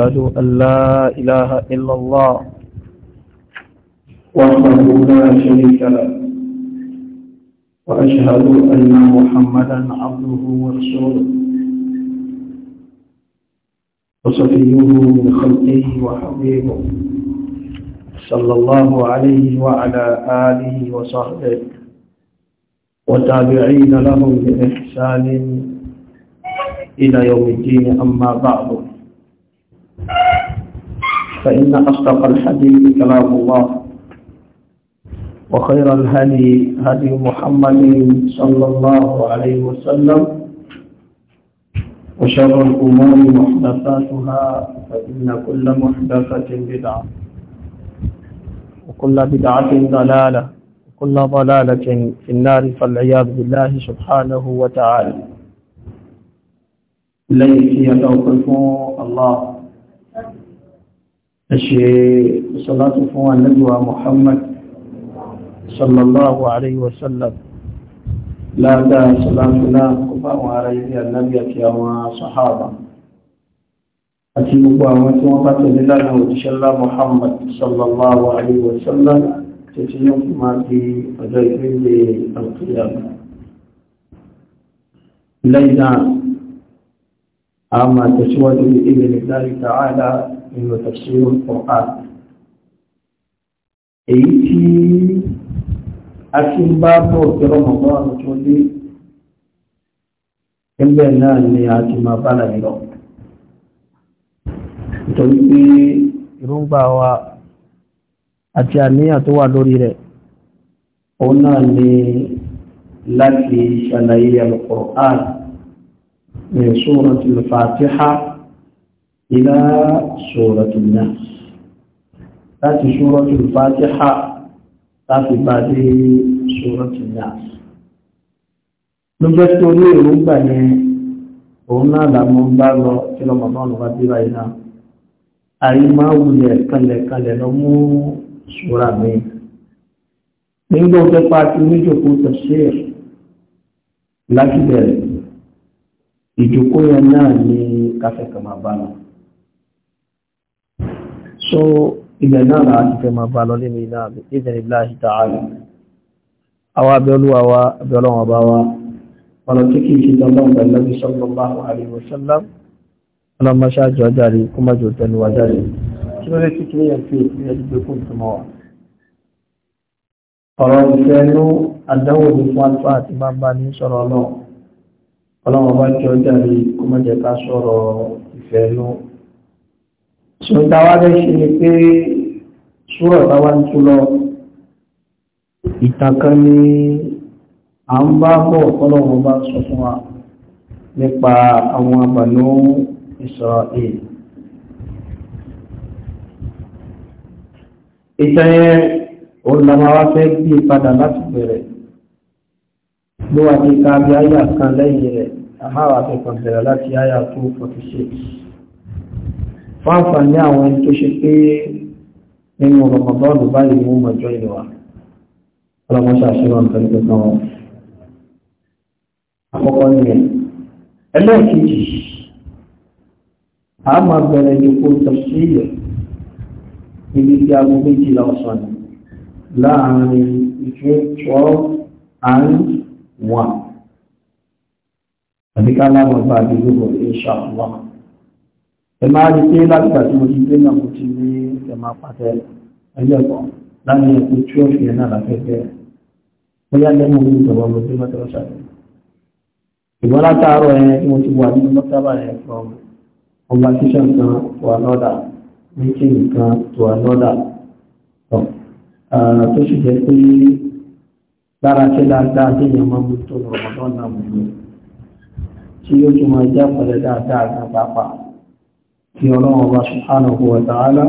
أشهد أن لا إله إلا الله وحده لا شريك له وأشهد أن محمدا عبده ورسوله وصفيه من خلقه وحبيبه صلى الله عليه وعلى آله وصحبه وتابعين لهم بإحسان إلى يوم الدين أما بعد فإن أصدق الحديث كلام الله وخير الهدي هدي محمد صلى الله عليه وسلم وشر الأمور محدثاتها فإن كل محدثة بدعة وكل بدعة ضلالة وكل ضلالة في النار فالعياذ بالله سبحانه وتعالى ليس يتوقف الله أشي صلاة فوان ندوى محمد صلى الله عليه وسلم لا دا صلاة لا قفاء عليه النبي يا صحابة أتي مبا وقت لله وتشلى محمد صلى الله عليه وسلم تتيوم ما في أجل القيامة لينا عما تسود بإذن الله تعالى من تفسير القرآن أيتي أكيد باب في رمضان تولي ẹgbẹ́ náà ni a ti máa bá láì lọ nítorí pé ìrúngbà wa àti àníyàn tó wà lórí rẹ̀ òun náà ni láti ṣàlàyé Al-Qur'an من سورة الفاتحة إلى سورة الناس تأتي سورة الفاتحة تأتي بعد سورة الناس lójẹ́ tó ní èròǹgbà yẹn òun náà làmọ́ bá lọ kí lọ́mọ bá lọ́wọ́ bí báyìí náà àyè máa wulẹ̀ kanlẹ̀kanlẹ̀ lọ mú sùúrà mi nígbà ó fẹ́ pa ti níjòkó tẹ̀síẹ̀ láti bẹ̀rẹ̀ ìjòkó yẹn náà ní káfẹ́ kan máa bá lọ. so ilẹ̀ náà náà ti fẹ́ máa bá lọ nínú iná àbí ìdẹ̀rẹ̀ láàájì tààrà àwọn abẹ́olúwa wa abẹ́ọlọ́wọ̀n bá wa ọ̀nà tí kìí ṣe dandan pẹ̀lú bí sallallahu alaihi wasallam ọlọ́mọṣáájú ajáre kó má jò tẹnu wa járe kí ló lè tí kí yẹn fi ìpínlẹ̀ gbígbé kún ìtumọ̀ wa. ọ̀rọ̀ ìfẹ́ nú àdánwò ní fún àlùfáà àti máa ní sọ̀rọ̀ ọlọ́run ọlọ́wọ́ bá jọ jáde kó má jẹ́ ká sọ̀rọ̀ ìfẹ́ lọ. ṣùgbọ́n táwa lè ṣe ni pé ṣúrọ̀ táwa ń tú lọ ìtàn ni à ń bá bọ̀ ọlọ́wọ́ bá sọ fún wa nípa àwọn àbànú Israel. ìtàn yẹn òun làwọn wá fẹ́ gbé padà láti bẹ̀rẹ̀ ló wà ní ká bí àyà kan lẹ́yìn rẹ̀ àmáwà fi kàn bẹ̀rẹ̀ láti àyà tó 46 fún àǹfààní àwọn ẹni tó ṣe pé nínú rọmọdọ́ọ̀lù báyìí mú mọ̀jọ́ ìwà ọlọ́mọṣẹ́ àṣírọ̀ nǹkan tó kàn wọ́n àkọ́kọ́ nìyẹn ẹlẹ́ẹ̀kejì a máa bẹ̀rẹ̀ ìdókò tafsir níbi tí aago méjìlá ọ̀sán láàárín between twelve and one. Àbíká láwọn bá bí gbogbo ìṣà wà. Ẹ máa rí pé látìgbà tí mo ti gbé náà mo ti ní ẹ máa pàtẹ ẹgbẹ́ kan láti ẹ̀kú tí ó fi ẹ̀nà àlàfẹ́fẹ́. Bóyá lẹ́nu orí ìjọba mo gbé mọ́tò ṣàlẹ̀. Ìgbọ́n látàárọ̀ ẹ tí mo ti wà nínú mọ́tàbà ẹ̀ from conversation kan to another meeting kan to another. Tó sì jẹ́ pé lára ṣe dáadáa tí èèyàn máa ń tó rọ̀mọ́dán náà mú mi tí yóò tún máa jẹ́ pẹ̀lẹ́ dáadáa náà pàápàá tí ọlọ́run ọba subhanahu wa ta'ala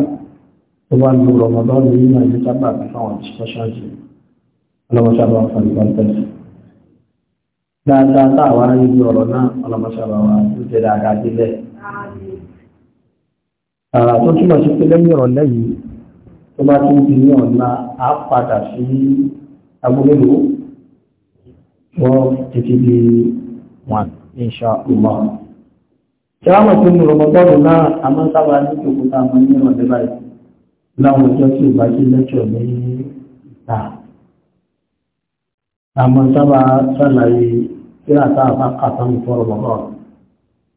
tó bá lu rọ̀mọ́dán ní ìmọ̀ ìlú sábà bí fáwọn discussion sí ọlọ́mọṣàbà fàlùfàlùfàlù dáadáa táwa ń yí ọ̀rọ̀ náà ọlọ́mọṣàbà wa tó jẹ́ dáadáa délẹ̀ àrà tó túmọ̀ sí pé lẹ́yìn ọ̀rọ̀ lẹ́yìn tó bá tún agbóhùnlò wọ́n títí di wọn insha Allah. ṣáwọn tó ní rọmọgbọ́dù náà a máa sábà ní òkúta àmọ́ ní ọ̀dẹ́ báyìí láwọn ọjọ́ tí ò bá sí lẹ́tọ̀ ní ìta a máa sábà sàlàyé kíra tá a bá kà sáwọn fún rọmọgbọ́dù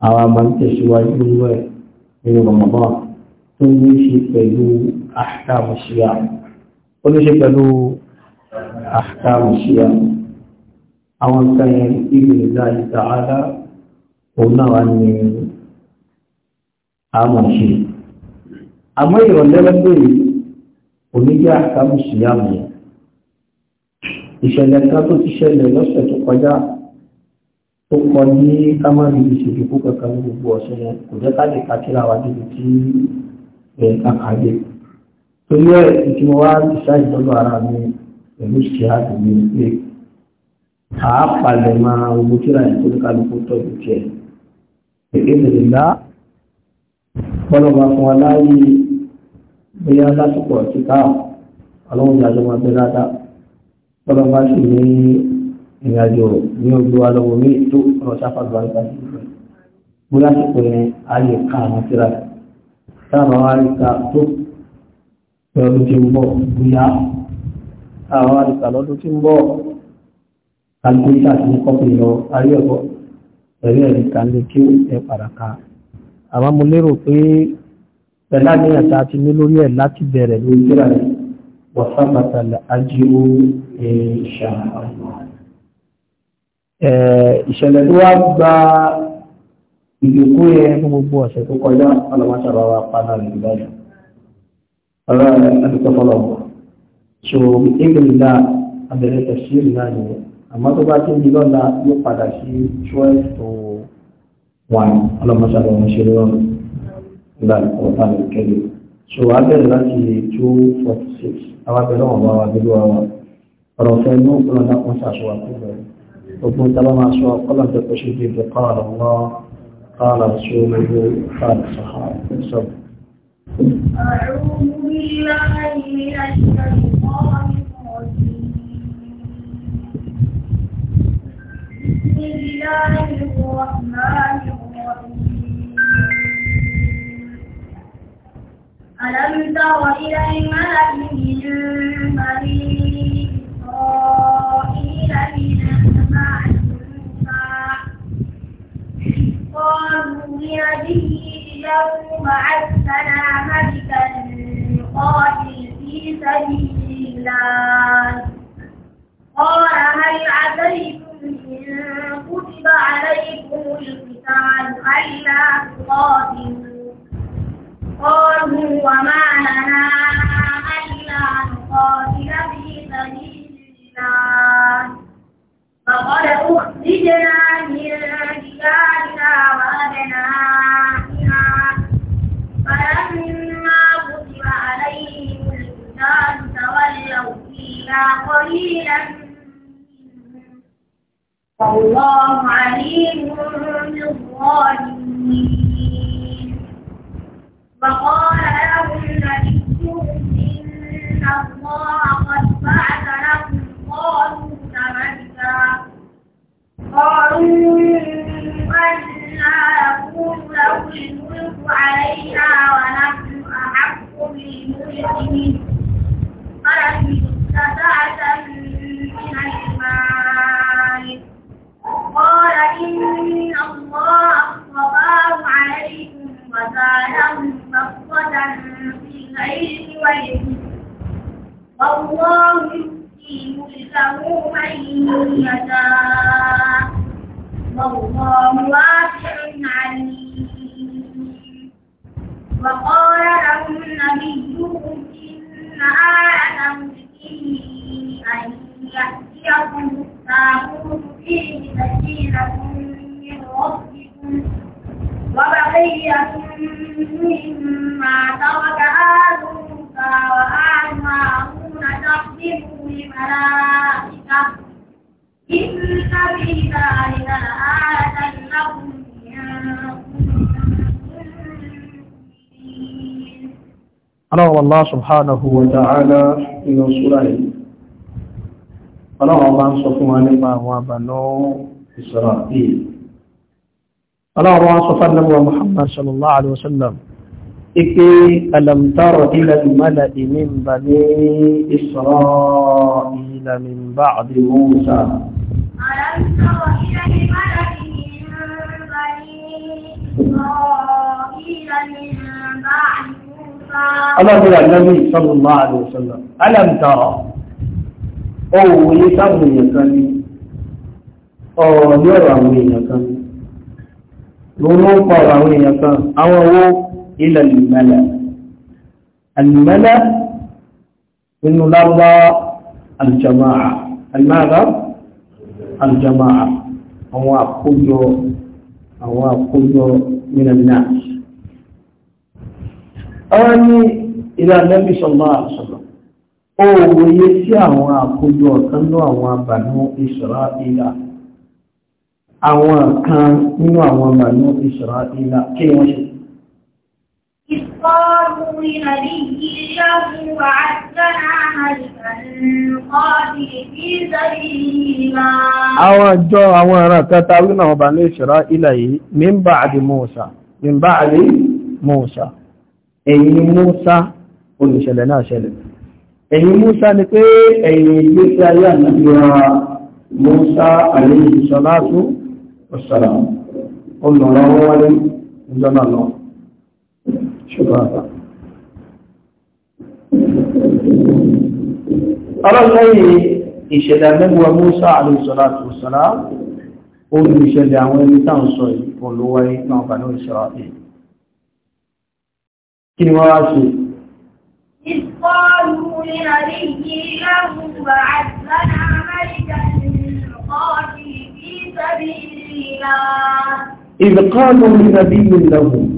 àwọn a ń tẹ̀síwájú nínú ẹ̀ nínú rọmọgbọ́dù tó ní ṣe pẹ̀lú àṣà àmọ̀ṣíyà ó ní ṣe pẹ̀lú àkàrù ṣíà àwọn nǹkan yẹn ìgbè ìlà ìtàhálà òun náà wà ní àmọ̀ ṣe àmọ́ ìrọ̀lẹ́rẹ́ pèrè oníjẹ́ àkàrù ṣíà mọ̀ ìṣẹ̀lẹ̀ kan tó ti ṣẹlẹ̀ lọ́sẹ̀ tó kọjá tó kọ ní kámárì ìṣèjìkú kankan ní gbogbo ọ̀sẹ̀ yẹn kò jẹ́ ká lè wa débi tí ẹ̀ kàkà torí ẹ̀ ìtumọ̀ wa ìṣá ara mi pẹ̀lú ṣíáàtì ní pé àápalẹ̀ máa owó tíra ẹ̀ tó kálukú tọ́jú tiẹ̀. Èkéde ńlá bọ́lọ́ba fún wa láàyè bóyá lásìkò ọ̀tí káà ọlọ́run ìdájọ́ máa bẹ́ dáadáa bọ́lọ́ba sì ní ìrìnàjò ní ojú wa lọ́wọ́ ní ètò ọ̀rọ̀ sáfàgbà nípa sí ìfẹ́. Mo lásìkò yẹn a lè ka àwọn tíra ẹ̀. Táàbà wa rí ka tó ti ń bọ̀ bóyá àwọn àdìsàlọ́dún tí ń bọ̀ kàlùkùlítà ti ń kọ́pì lọ ayé ọ̀bọ̀ pẹ̀lú ẹ̀rí kàlẹ̀ kí ẹ padà ká àmọ́ mo lérò pé pẹ̀lú àníyàn tá a ti ní lórí ẹ̀ láti bẹ̀rẹ̀ lórí kíra rẹ̀ wọ́sábàtà àjíwò ìṣẹ̀lẹ̀ tó wá gba ìgbèkú yẹ fún gbogbo ọ̀sẹ̀ tó kọjá ọlọ́mọṣàbáwá padà nìgbàdàn ọlọ́run ẹni tó fọlọ́wọ́ so ìgbìmọ̀lá abẹ́rẹ́ tẹ̀síìrì náà nìyẹn àmọ́ tó bá tún di lọ́la yóò padà sí twelve to one ọlọ́mọṣàlọ́ ọmọṣẹ́ lọ́rùn nígbà ìkọ̀ọ̀tà lè kẹ́lẹ̀ so abẹ́rẹ́ láti two forty six àwọn abẹ́rẹ́ wọn bá wa dúró wa ọ̀rọ̀ fẹ́ ní òkúrọ̀ náà kún sàṣọ àkúgbẹ̀ gbogbo tábà máa sọ ọlọ́run tó sí ibi ìbùkọ́ àlọ́ wọn kọ́ àlọ́ sórí ìbùkọ́ àlọ́ ìṣọ̀bù أعوذ بالله من الشيطان الرجيم بسم الله الرحمن الرحيم ألم تر إلى الملأ من بني الله والله سبحانه وتعالى في سوره الله الله سبحانه وتعالى إسرائيل أنا الله سبحانه محمد صلى الله عليه وسلم إكي ألم تر إلى الملأ من بني إسرائيل من بعد موسى ألم تر إلى الملأ من بني إسرائيل من بعد موسى الله النبي صلى الله عليه وسلم ألم ترى òwò yìí sáwọn èèyàn kan ní ọ̀rọ̀ ní ọ̀rọ̀ àwọn èèyàn kan lóòrò ń pa ọ̀rọ̀ àwọn èèyàn kan àwọn owó ilẹ̀ lùmẹ́lẹ̀ alùmẹ́lẹ̀ nínú lábá alùjọmọ́ alùmẹ́lẹ̀ aljamaa àwọn àkójọ àwọn àkójọ mìírànlá àwọn ní ìlànà bí sọlá àṣọlọ ó wòye sí àwọn àkójọ ọ̀kan ní àwọn àbànú Isra'ila àwọn kan nínú àwọn àbànú Isra'ila kí wọ́n ṣe قالوا لنبي له وعدنا ملكا قاتل في سبيل الله àwọn ìjọ àwọn ẹ̀rọ kẹta wí náà ọba ní ìṣẹ́ra ilẹ̀ yìí min ba'di Musa min ba'di Musa ẹ̀yìn Musa olùṣẹ̀lẹ̀ náà ṣẹlẹ̀ ẹ̀yìn Musa ni pé ẹ̀yìn ìgbésí ayé ànàbíwa Musa alayhi salatu wassalam olùrànwọ́ wáyé ìjọ náà lọ́wọ́ ṣùgbọ́n. ọlọ́lẹ́yìn ìṣẹ̀dá mẹ́gbọ́ Musa alayhisalatu salam orí ìṣẹ̀dá àwọn ẹni táwọn sọ ìpọ̀lọ́wọ́ náà bàánú ìṣẹ́ràpẹ̀ kí ni wọ́n wá sí إذ قالوا لنبي لهم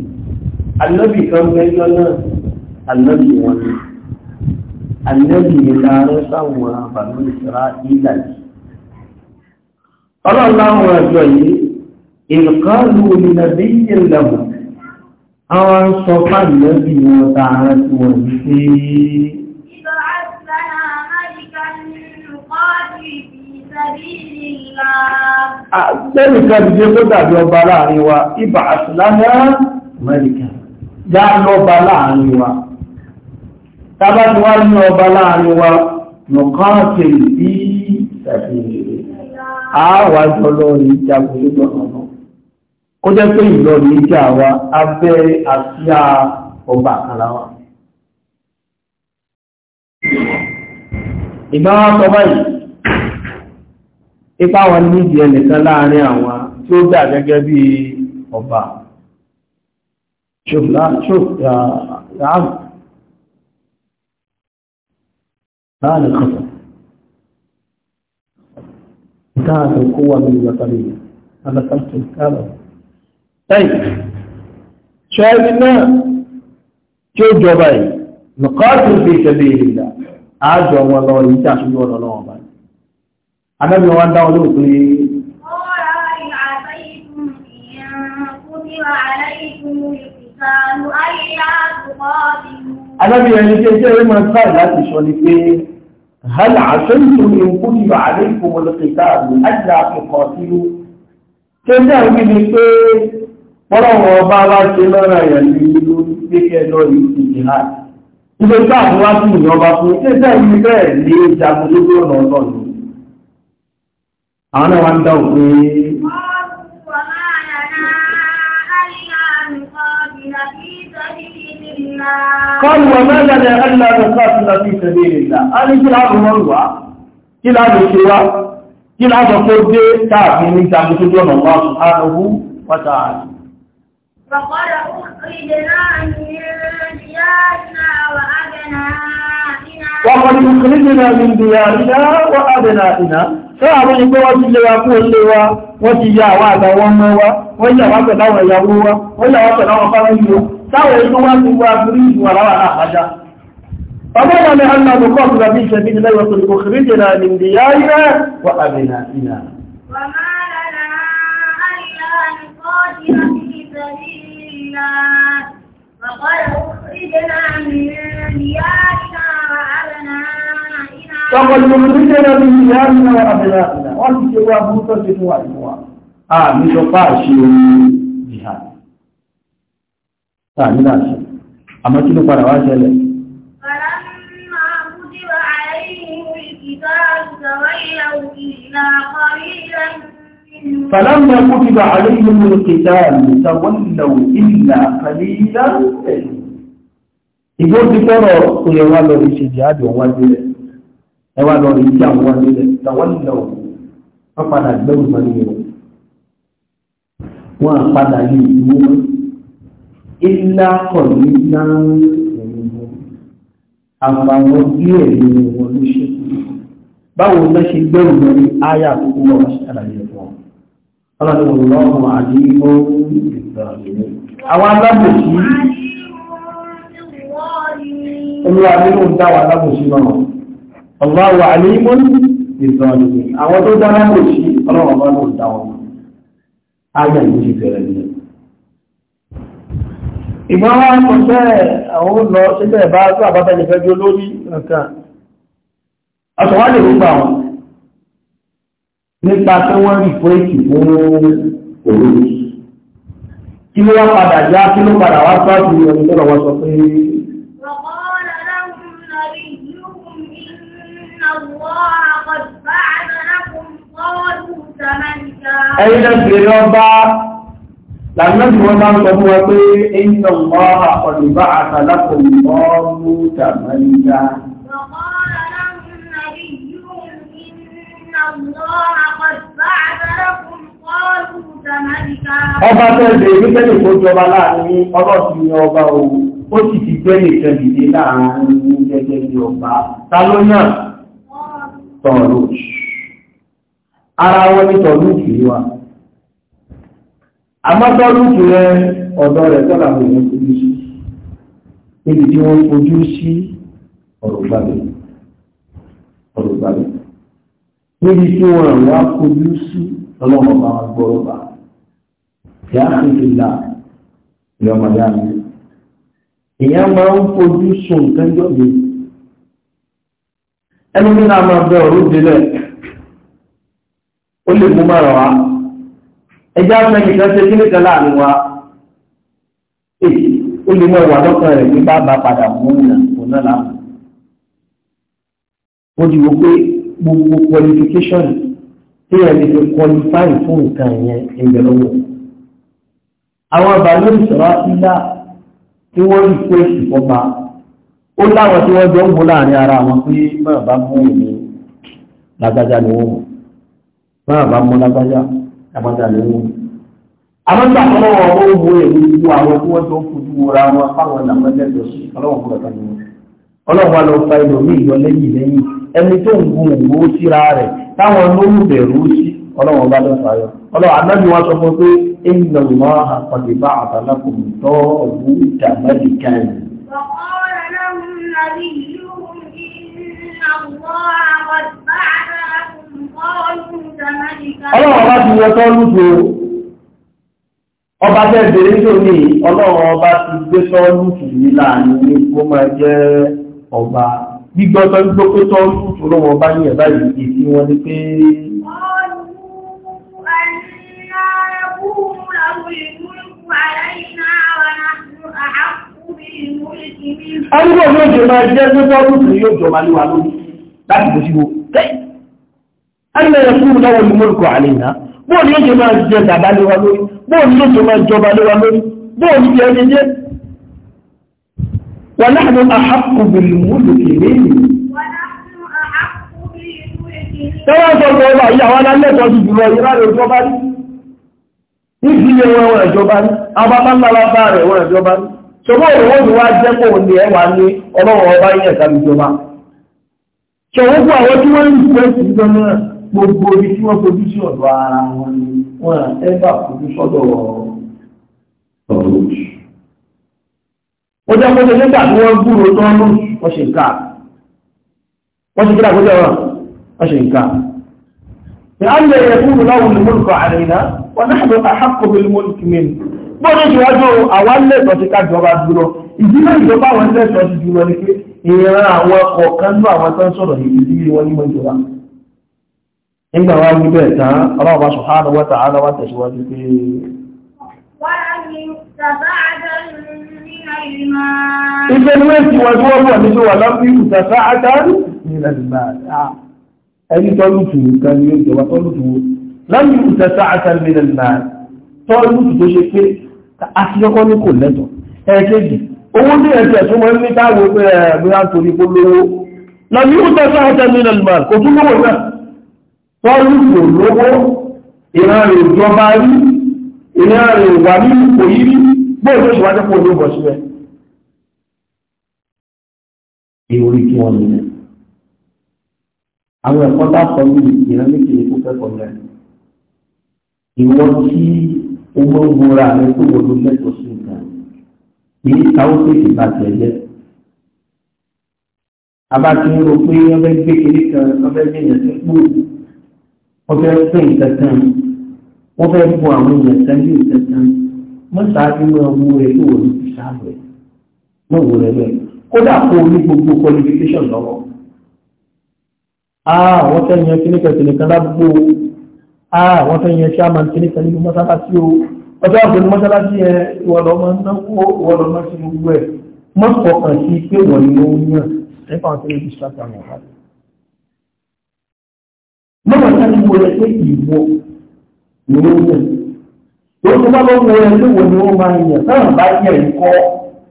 ànábì kan bẹ́jọ́ náà ànábì wọn ni ànábì ìlànà sáwọn àbàmì ìsra ìlànà ọlọ́láwọn ọjọ́ yìí ìlkọ́lù ìlànà ìyẹ̀lẹ̀mù àwọn sọ fàánàbì wọn tààrà tí wọ́n ní pé Àgbẹ́nìkan ti jẹ́ tó dàbí ọba láàrin wa, ibà àṣìlá náà já lọ́ba láàrin wa tábà tí wá ní ọba láàrin wa nùkan a bí ṣàfihàn àwà ìjọlọ́rin jagun lójú ọ̀nà kó jẹ́ pé ìlọrin ìjà wa abẹ́ ọba àkàláwà ìgbàwà sọ báyìí ipa wọn ní ìdí ẹnìkan láàrin àwọn tí ó dà gẹ́gẹ́ bí ọba شوف لا شوف يا يا عم هذا الخطأ كانت القوة من الوطنية هذا خلص الكلام طيب شاهد الناس شو جوابي نقاتل في سبيل الله أجوا والله يتعشوا والله أنا من وين داولوا Alábi ẹni tí ẹjẹ́ rí máa sáà láti sọ ni pé, Hálà àṣẹ́yìntò ní kú ti bà àrí ìfòmọlọ́kẹta àmì àjẹ́ àfikọ̀ sílú. Tẹ́jẹ́ àwọn ibi pé pọ́lọ̀wọ̀ ọba wá ṣe lọ́rọ̀ ẹ̀yà ní ìlú pẹ́kẹ́ lọ́rí ti قال وما لنا ألا نقاتل في سبيل الله قال كلا بمروة كلا بشوى كلا بفرد تعفي من تعبتون الله سبحانه وتعالى من ديارنا وأبنائنا وقد أخرجنا من ديارنا وأبنائنا sáàrin ní pé wọ́n ti lera kú ilé wa wọ́n ti yà wá àtàwọn ọmọ wa wọ́n táwọn ètò wá ti wá sí ìwà láwọn àpájá فمن أن نقاتل في سبيل الله وقد أخرجنا من ديارنا وأبنائنا وما لنا ألا نقاتل في سبيل الله وقد أخرجنا من ديارنا وأبنائنا وقد أخرجنا من ديارنا وأبنائنا وأنت جواب متصف وإخوان آمين وقاشي جهاد táà nílà sí àmọ́ kí ló padà wá ṣẹlẹ̀ فلما كتب عليهم القتال تولوا إلا قليلا Ìgbó ti tọ́rọ kò yẹ wá lọ́rí ṣe jihadi wọ́n wájú rẹ̀, ẹ wá lọ́rí tí àwọn wájú rẹ̀, tàwọn ìlọ wọ́n padà gbẹ́rù mọ́ ní ilá kọ̀lí náà àpàwọn díẹ̀ nínú wọn ló ṣe báwo ló ṣe gbẹ̀rù lórí áyà tó kú wọn ṣàlàyé fún ọ ọlọ́dún lọ́wọ́ àdígbò àwọn alábòsí olúwa nínú dáwà alábòsí náà ọlọ́wọ́ àlígbò ìzọ̀lẹ̀ àwọn tó dá alábòsí ọlọ́wọ́ bá ló dáwà áyà ìjì bẹ̀rẹ̀ ìmọ̀ wá ń kọ̀ṣẹ́ àwọn lọ sílẹ̀ bá tó àbábẹ́ lè fẹ́jú lórí nǹkan ọ̀sọ̀wá lè rúgbà wọn nípa tí wọ́n rí fúrékì fún òru kí ló wá padà já kí ló padà wá tó àti ẹni tó lọ́wọ́ sọ pé ẹ̀yìn náà sì làmìlẹ́sì wọ́n bá ń sọ fún wa pé ẹ̀yìnlọ mọ́ àkọlùbá àtàlákùn mọ́rú tàmàlìyà ọba tẹ́lẹ̀ ìgbẹ́lẹ̀ tó jọba láàrin ọlọ́sìn ní ọba ohun ó sì ti gbẹ́lẹ̀ kẹlìdé láàrin ní gẹ́gẹ́ bí ọba tálónà tọ̀lù ara wọn ní tọ̀lù kìí wa amátọ́lùkù rẹ ọ̀dọ́ rẹ̀ tọ́lá àwọn èèyàn fojú sí níbi tí wọ́n fojú sí ọ̀rọ̀ gbàgbé ọ̀rọ̀ gbàgbé níbi tí wọ́n àwọn afojú sí ọlọ́run bá wọn gbọ́rọ̀ bá ìyá àkókò là ìyá ọmọ ìyá mi ìyá máa ń fojú sùn nǹkan jọ mi ẹni mi náà máa bẹ ọ̀rọ̀ délẹ̀ ó lè mú márùn-ún ẹjá fẹ́ nìkan ṣe kíní kan láàrin wa ó lè mọ ìwà lọ́kàn rẹ̀ ní bàbá padà mú ìrìnà òun láàmú. ó ti wò pé gbogbo qualification tí ẹ̀ lè fi qualify fún nǹkan yẹn ẹgbẹ̀ lọ́wọ́. àwọn àbálẹ́ ìṣọ̀rọ̀ ńlá tí wọ́n rí pé ìfọ̀ba ó láwọn tí wọ́n jọ ń wo láàrin ara wọn pé máa bá mú ìní lágbájá ni wọ́n mú máa bá mú lágbájá àgbàdà lẹ́wọ̀n. àwọn ìgbà kan lọ́wọ́ ó wo èyí wo àwọn tí wọ́n tó fojú wọra wọn fáwọn làwọn lẹ́tọ̀ sí ọlọ́wọ́n kúrò kan nínú. ọlọ́wọ́n wa lọ fa ìlòmí ìyọ lẹ́yìn lẹ́yìn ẹni tó ń gun òwò síra rẹ̀ táwọn lóhùn bẹ̀rù sí ọlọ́wọ́n bá lọ fàyọ. ọlọ́wọ́n anábì wọn sọ fún pé ẹ̀yìn lọ́wọ́ àpàdé bá àbálákùnrin tọ́ وقال لهم نبيهم إن الله قد بعث ọlọ́run ọba ti wọ́n tọ́lútù ọba tẹ́bẹ̀ẹ́ nítorí ọlọ́run ọba ti gbé tọ́lútù ní láàrin ní kó máa jẹ́ ọba gbígbọ́tọ́ gbígbókó tọ́lútù lọ́wọ́ ọba ní ẹ̀bá yìí tí wọ́n ní pé Ọdún ọdún òjò máa jẹ́ tó tọ́lútù yóò ní wa lórí láti bó ẹnlẹ ẹkún lọ́wọ́ ní mọlùkọ àlẹ yìí bó ni yóò ṣe máa jẹ gàba lé wa lórí bó ni yóò ṣe máa jọba lé wa lórí bó ni yóò ṣe jẹ. wọn náà ló máa hapò bìlì múlù kìíní. tọ́wọ́ sọ pé ọba yìí àwọn alẹ́kọ̀ọ́ ti jùlọ ìrà rẹ̀ jọba rí. níbi ilé wọn wọn ìjọba rí abábá ńlá bá rẹ̀ wọn ìjọba rí. ṣùgbọ́n òun ni jẹ́ kó ní ẹwà ní ọlọ́wọ́ ọba yẹn ìjọba. ṣòwò fún àwọn tí wọ́n ń gbogbo ibi tí wọ́n fojú sí ọ̀dọ̀ ara wọn ni wọ́n ẹgbà fojú sọ́dọ̀ ọ̀rọ̀ òjì. ó jẹ́ kó ṣe nígbà tí wọ́n gbúrò tán ló wọ́n ṣe nǹkan wọ́n ṣe kíra wọn wọ́n ṣe ní alẹ́ láwùn ní mọ́lùkọ́ wọ́n náà lọ mọ́lùkì ṣe wájú ká jọba dúró ìdílé ìjọba àwọn ni pé ìran àwọn àwọn tó ń nígbà wá wí bẹ́ẹ̀ tán ọlọ́run bá subhanahu wa ta'ala wá tẹ̀síwájú pé Ìgbẹ́ ni wọ́n ti wọ́n wọ́n wọ́n ní ṣe wà lọ́pí ìtàṣá àtàrí nílẹ̀ ìgbà ẹni tọ́lùtù nǹkan ni ó jọba tọ́lùtù lọ́pí ìtàṣá àtàrí nílẹ̀ ìgbà tọ́lùtù tó ṣe pé àṣíkọ́kọ́ ní kò lẹ́tọ̀ ẹ̀ẹ́kẹ́jì owó ní ẹ̀ṣẹ̀ tó mọ́ ní táwọn ẹgbẹ́ ẹgbẹ́ tọ́lùkò lówó ìran rẹ̀ ìjọba rí ìran rẹ̀ wà ní ipò yìí gbóòdó ìwájẹ́ pò ní ọgbọ̀ síbẹ̀ ìwòrí kí wọ́n nílẹ̀ àwọn ẹ̀kọ́ bá sọ ní ìran méjì ní kó fẹ́kọ̀ọ́ rẹ̀ ìwọ tí owó ń gbóra rẹ̀ tó wọ́n ló mẹ́tọ̀ sí nǹkan ní táwọn tètè bá tẹ̀ jẹ́ abá ti ń ro pé ọbẹ̀ gbé kiri kan ọbẹ̀ gbé yẹn sí kúrò wọ́n fẹ́ pé ìtẹ̀tàn wọ́n fẹ́ bu àwọn èèyàn sẹ́yìn ìtẹ̀tàn mọ́sáájú máa wú rẹ̀ tó wọ̀ ní ìṣàlù rẹ̀ mọ́ wò rẹ̀ rẹ̀ kódà kó o ní gbogbo qualification lọ́wọ́ ah wọ́n fẹ́ yan kíníkan kíníkan lábúgbò ah wọ́n fẹ́ yan chairman kíníkan nínú mọ́sálásí o ọjọ́ àgbẹ̀ ní mọ́sálásí ẹ ìwọ̀lọ́ máa ń náwó ìwọ̀lọ́ máa ń ṣe gbogbo ẹ̀ mọ́sọ̀kan sí pé wọ́n ni wo rẹ̀ pé ìwọ ni ó Tó tó bá lọ wo rẹ̀ pé wo ni ó máa yẹ náà bá yẹ ìkọ́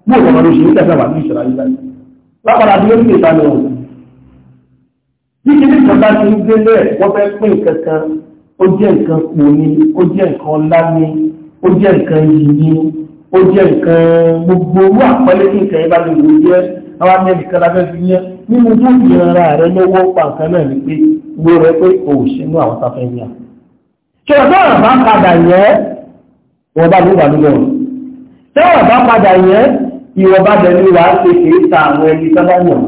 bó ìwọ̀n ló ṣe ní wà ní ìṣẹ̀lá yìí láyé. Lápàdà bí ó ti ìta lọ. Bí kìíní kan bá ti ń gbé bẹ́ẹ̀ wọ́n fẹ́ pín nǹkan ó jẹ́ nǹkan kù ni, ó jẹ́ nǹkan ọlá ni, ó jẹ́ nǹkan yìí ni, ó jẹ́ nǹkan gbogbo owó àpẹẹrẹ kí nǹkan yẹn bá lè wò jẹ́ àwọn ní ẹnìkan lábẹ́ fi yẹn nínú tó fi ara rẹ lọ́wọ́ pa nǹkan náà ni pé wo rẹ pé òṣèlú àwọn tá fẹ́ yà. ṣé ọ̀dọ́ àbá padà yẹ wọ́n bá lóba lóba rẹ̀ ṣé ọ̀dọ́ padà yẹ ìwọ̀n bá bẹ̀ ní wàá ṣe kì í ta àwọn ẹni tó bá yàn.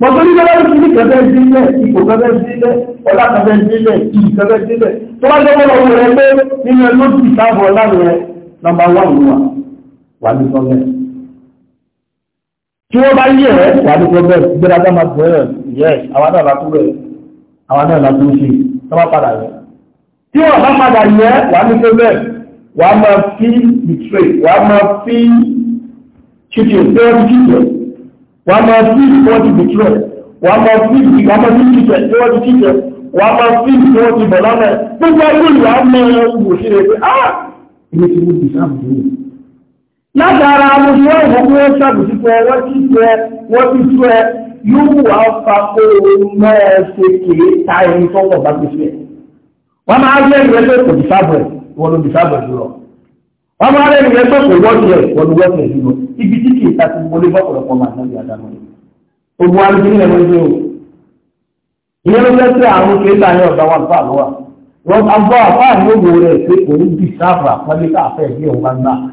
Mọ̀tò nígbà láti fi ní kẹfẹ́ sílẹ̀, ipò kẹfẹ́ sílẹ̀, ọlá kẹfẹ́ sílẹ̀, ìyì kẹfẹ́ sílẹ̀. Tó bá jẹ́ mọ́ rẹ̀ pé nínú ẹ sáàbọ̀ ọlá rẹ̀ nọ́mbà wà nínú wa, wà ní sọ́lẹ̀ tí wọ́n bá yẹ̀ ẹ́ wà ní problem gbéra dá máa bẹ̀rẹ̀ yes àwọn náà látún rẹ̀ àwọn náà látún sí tó bá padà yẹ tí wọ́n bá padà yẹ wà ní problem wà á máa fi betray wà á máa fi títí pé wọ́n ti títẹ̀ wà á máa fi wọ́n ti betray wà máa fi wà máa fi títẹ̀ pé ti títẹ̀ wà máa fi pé ti bọ̀ lánàá gbogbo ayé ìwà máa wò sí rẹ̀ pé ah ìrètí mo ti sáà látara amúṣe wọn ìwọ̀n pé wọ́n ṣàbùsí pé wọ́n ti tú ẹ wọ́n ti tú ẹ yóò wá fa kó o mọ́ ẹ ṣe kìí ta ẹni tó wọ̀ bá ti fi ẹ̀. wọ́n máa ń lẹ́yìn ẹgbẹ́ kò ní sábọ̀ ẹ̀ wọ́n ló ní sábọ̀ ẹ̀ lọ. wọ́n máa ń lẹ́yìn ẹgbẹ́ kò wọ́n ti ẹ̀ wọ́n ló wọ́n ti ẹ̀ lọ. ibi tí kìí ta ti wọlé bọ́pọ̀lọpọ̀ máa ń lọ́ọ́ ìyàdánù. ogun arúgbó ní ẹ̀rọ ìdí o. ìyẹn ló fẹ́ sí àrùn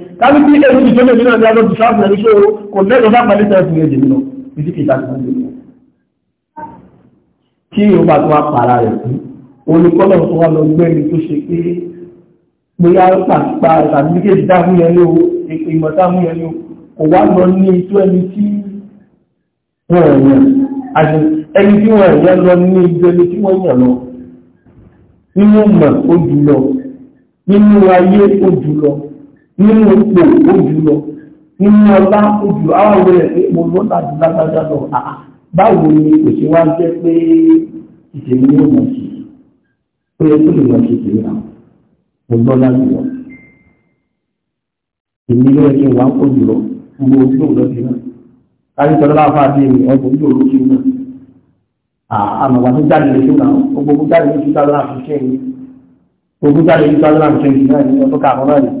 tàbí tí èyí ìjọba ìlú náà ní alọ́dún sáàpù ẹni ṣòro kò lẹ́gbẹ̀ẹ́ sáàpù ẹni sẹ́ẹ̀fù rẹ̀ jìnnà títí kìí tàbí fún mi. kí o bá tún wá para rẹ̀ kú olùkọ́lọ̀ tó wá lọ gbé ni tó ṣe pé bóyá pàṣípà tàbí kéde dáhùn yẹn ló ìmọ̀ dáhùn yẹn ló kò wá lọ ní itú ẹni tí wọ́n yàn àti ẹni tí wọ́n yàn lọ ní ibi ẹni tí wọ́n yàn lọ nínú mọ̀ ó jù nínú ayé ó jù nínú ipò ojú lọ nínú ọlá ojú àwọn rẹ̀ pé mo lọ́ta ti lágbájá lọ ah, ah, báwo ni kò ṣe wá jẹ́ pé ìtẹ̀mí yóò mọ̀ sí pé ó lè mọ̀ sí ìtẹ̀mí mo lọ́ láti lọ. èmi ló yẹ kí ń kojú lọ gbogbo ojú òun lọ́dún náà láti sọ̀rọ̀ láwọn fáwọn mi ọkọ̀ ojú òun lójú náà àmọ̀wá tó jáde lójú náà gbogbo jáde lójú náà láti ṣẹ́yìn gbogbo jáde lójú náà láti ṣẹ́yìn náà ní ọdún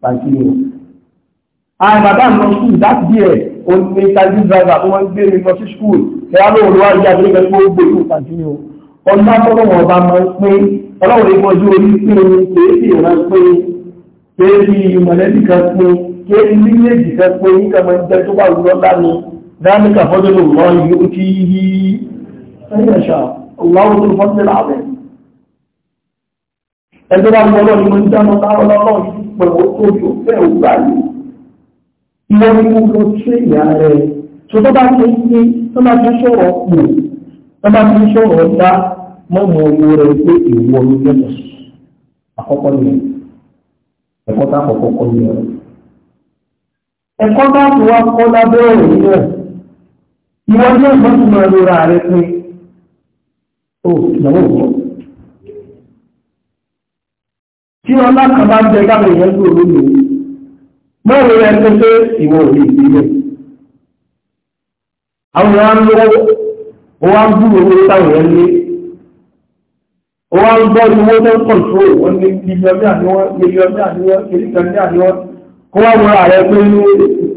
pàṣírí o. àwọn bàbá mi lọ skul that year oní eh. taxi driver tó wọ́n gbé mi lọ sí skul ẹ̀rọ lóòrùn wá ìyá àbúrò ìgbẹ́ tó gbé ìlú pàṣírí o. ọ̀nà tọ́lọ́wọ̀n ọba máa ń pín ọlọ́run ìbọjú orí pín omi kéèké ìran pín kéèké mọ̀lẹ́bí kan pín kéèké méjèèjì kan pín nígbà máa ń jẹ́ tó bá wúlọ́ lánàá dáníkà fọ́dọ̀ lòun lọ́ yìí ó ti yí. sẹ́yìn ẹ̀ṣọ́ ọ̀làwọ̀ tó fọ́dọ̀ láàbẹ̀ ẹgbẹ́ bá mọ́ lọ́nà ìmọ̀ ìdáná báwọn lọ́nà pẹ̀lú ojú fẹ́ ògbà yìí ìwọ́n ni mo lọ sí ìyá rẹ̀ tó tó bá ti ń pín tó bá ti sọ̀rọ̀ pò tó bá ti sọ̀rọ̀ dá mọ́ mọ́ owó rẹ̀ pé ìwọ ló lẹ́tọ̀ àkọ́kọ́ ni ẹ̀kọ́ tá àkọ́kọ́ kọ́ ni ọ̀rọ̀ ẹ̀kọ́ tá àti wá kọ́ lábẹ́ ọ̀rọ̀ yìí rẹ̀ oh, ìwọ́n yóò tí ọlá kan bá ń jẹ káwọn èèyàn gbò lónìí mọ́rọ̀ rẹ̀ tó pé ìwọ̀n ò lè gbé bẹ̀. àwọn èèyàn ń lọ́wọ́ ó wá ń gbúrò owó táwọn èèyàn lé ó wá ń gbọ́ owó tó ń pọ̀tù wọn ní mílíọ̀nù àníwọ́n mílíọ̀nù àníwọ́n mílíọ̀nù àníwọ́n kó wá wọra rẹ̀ pé ní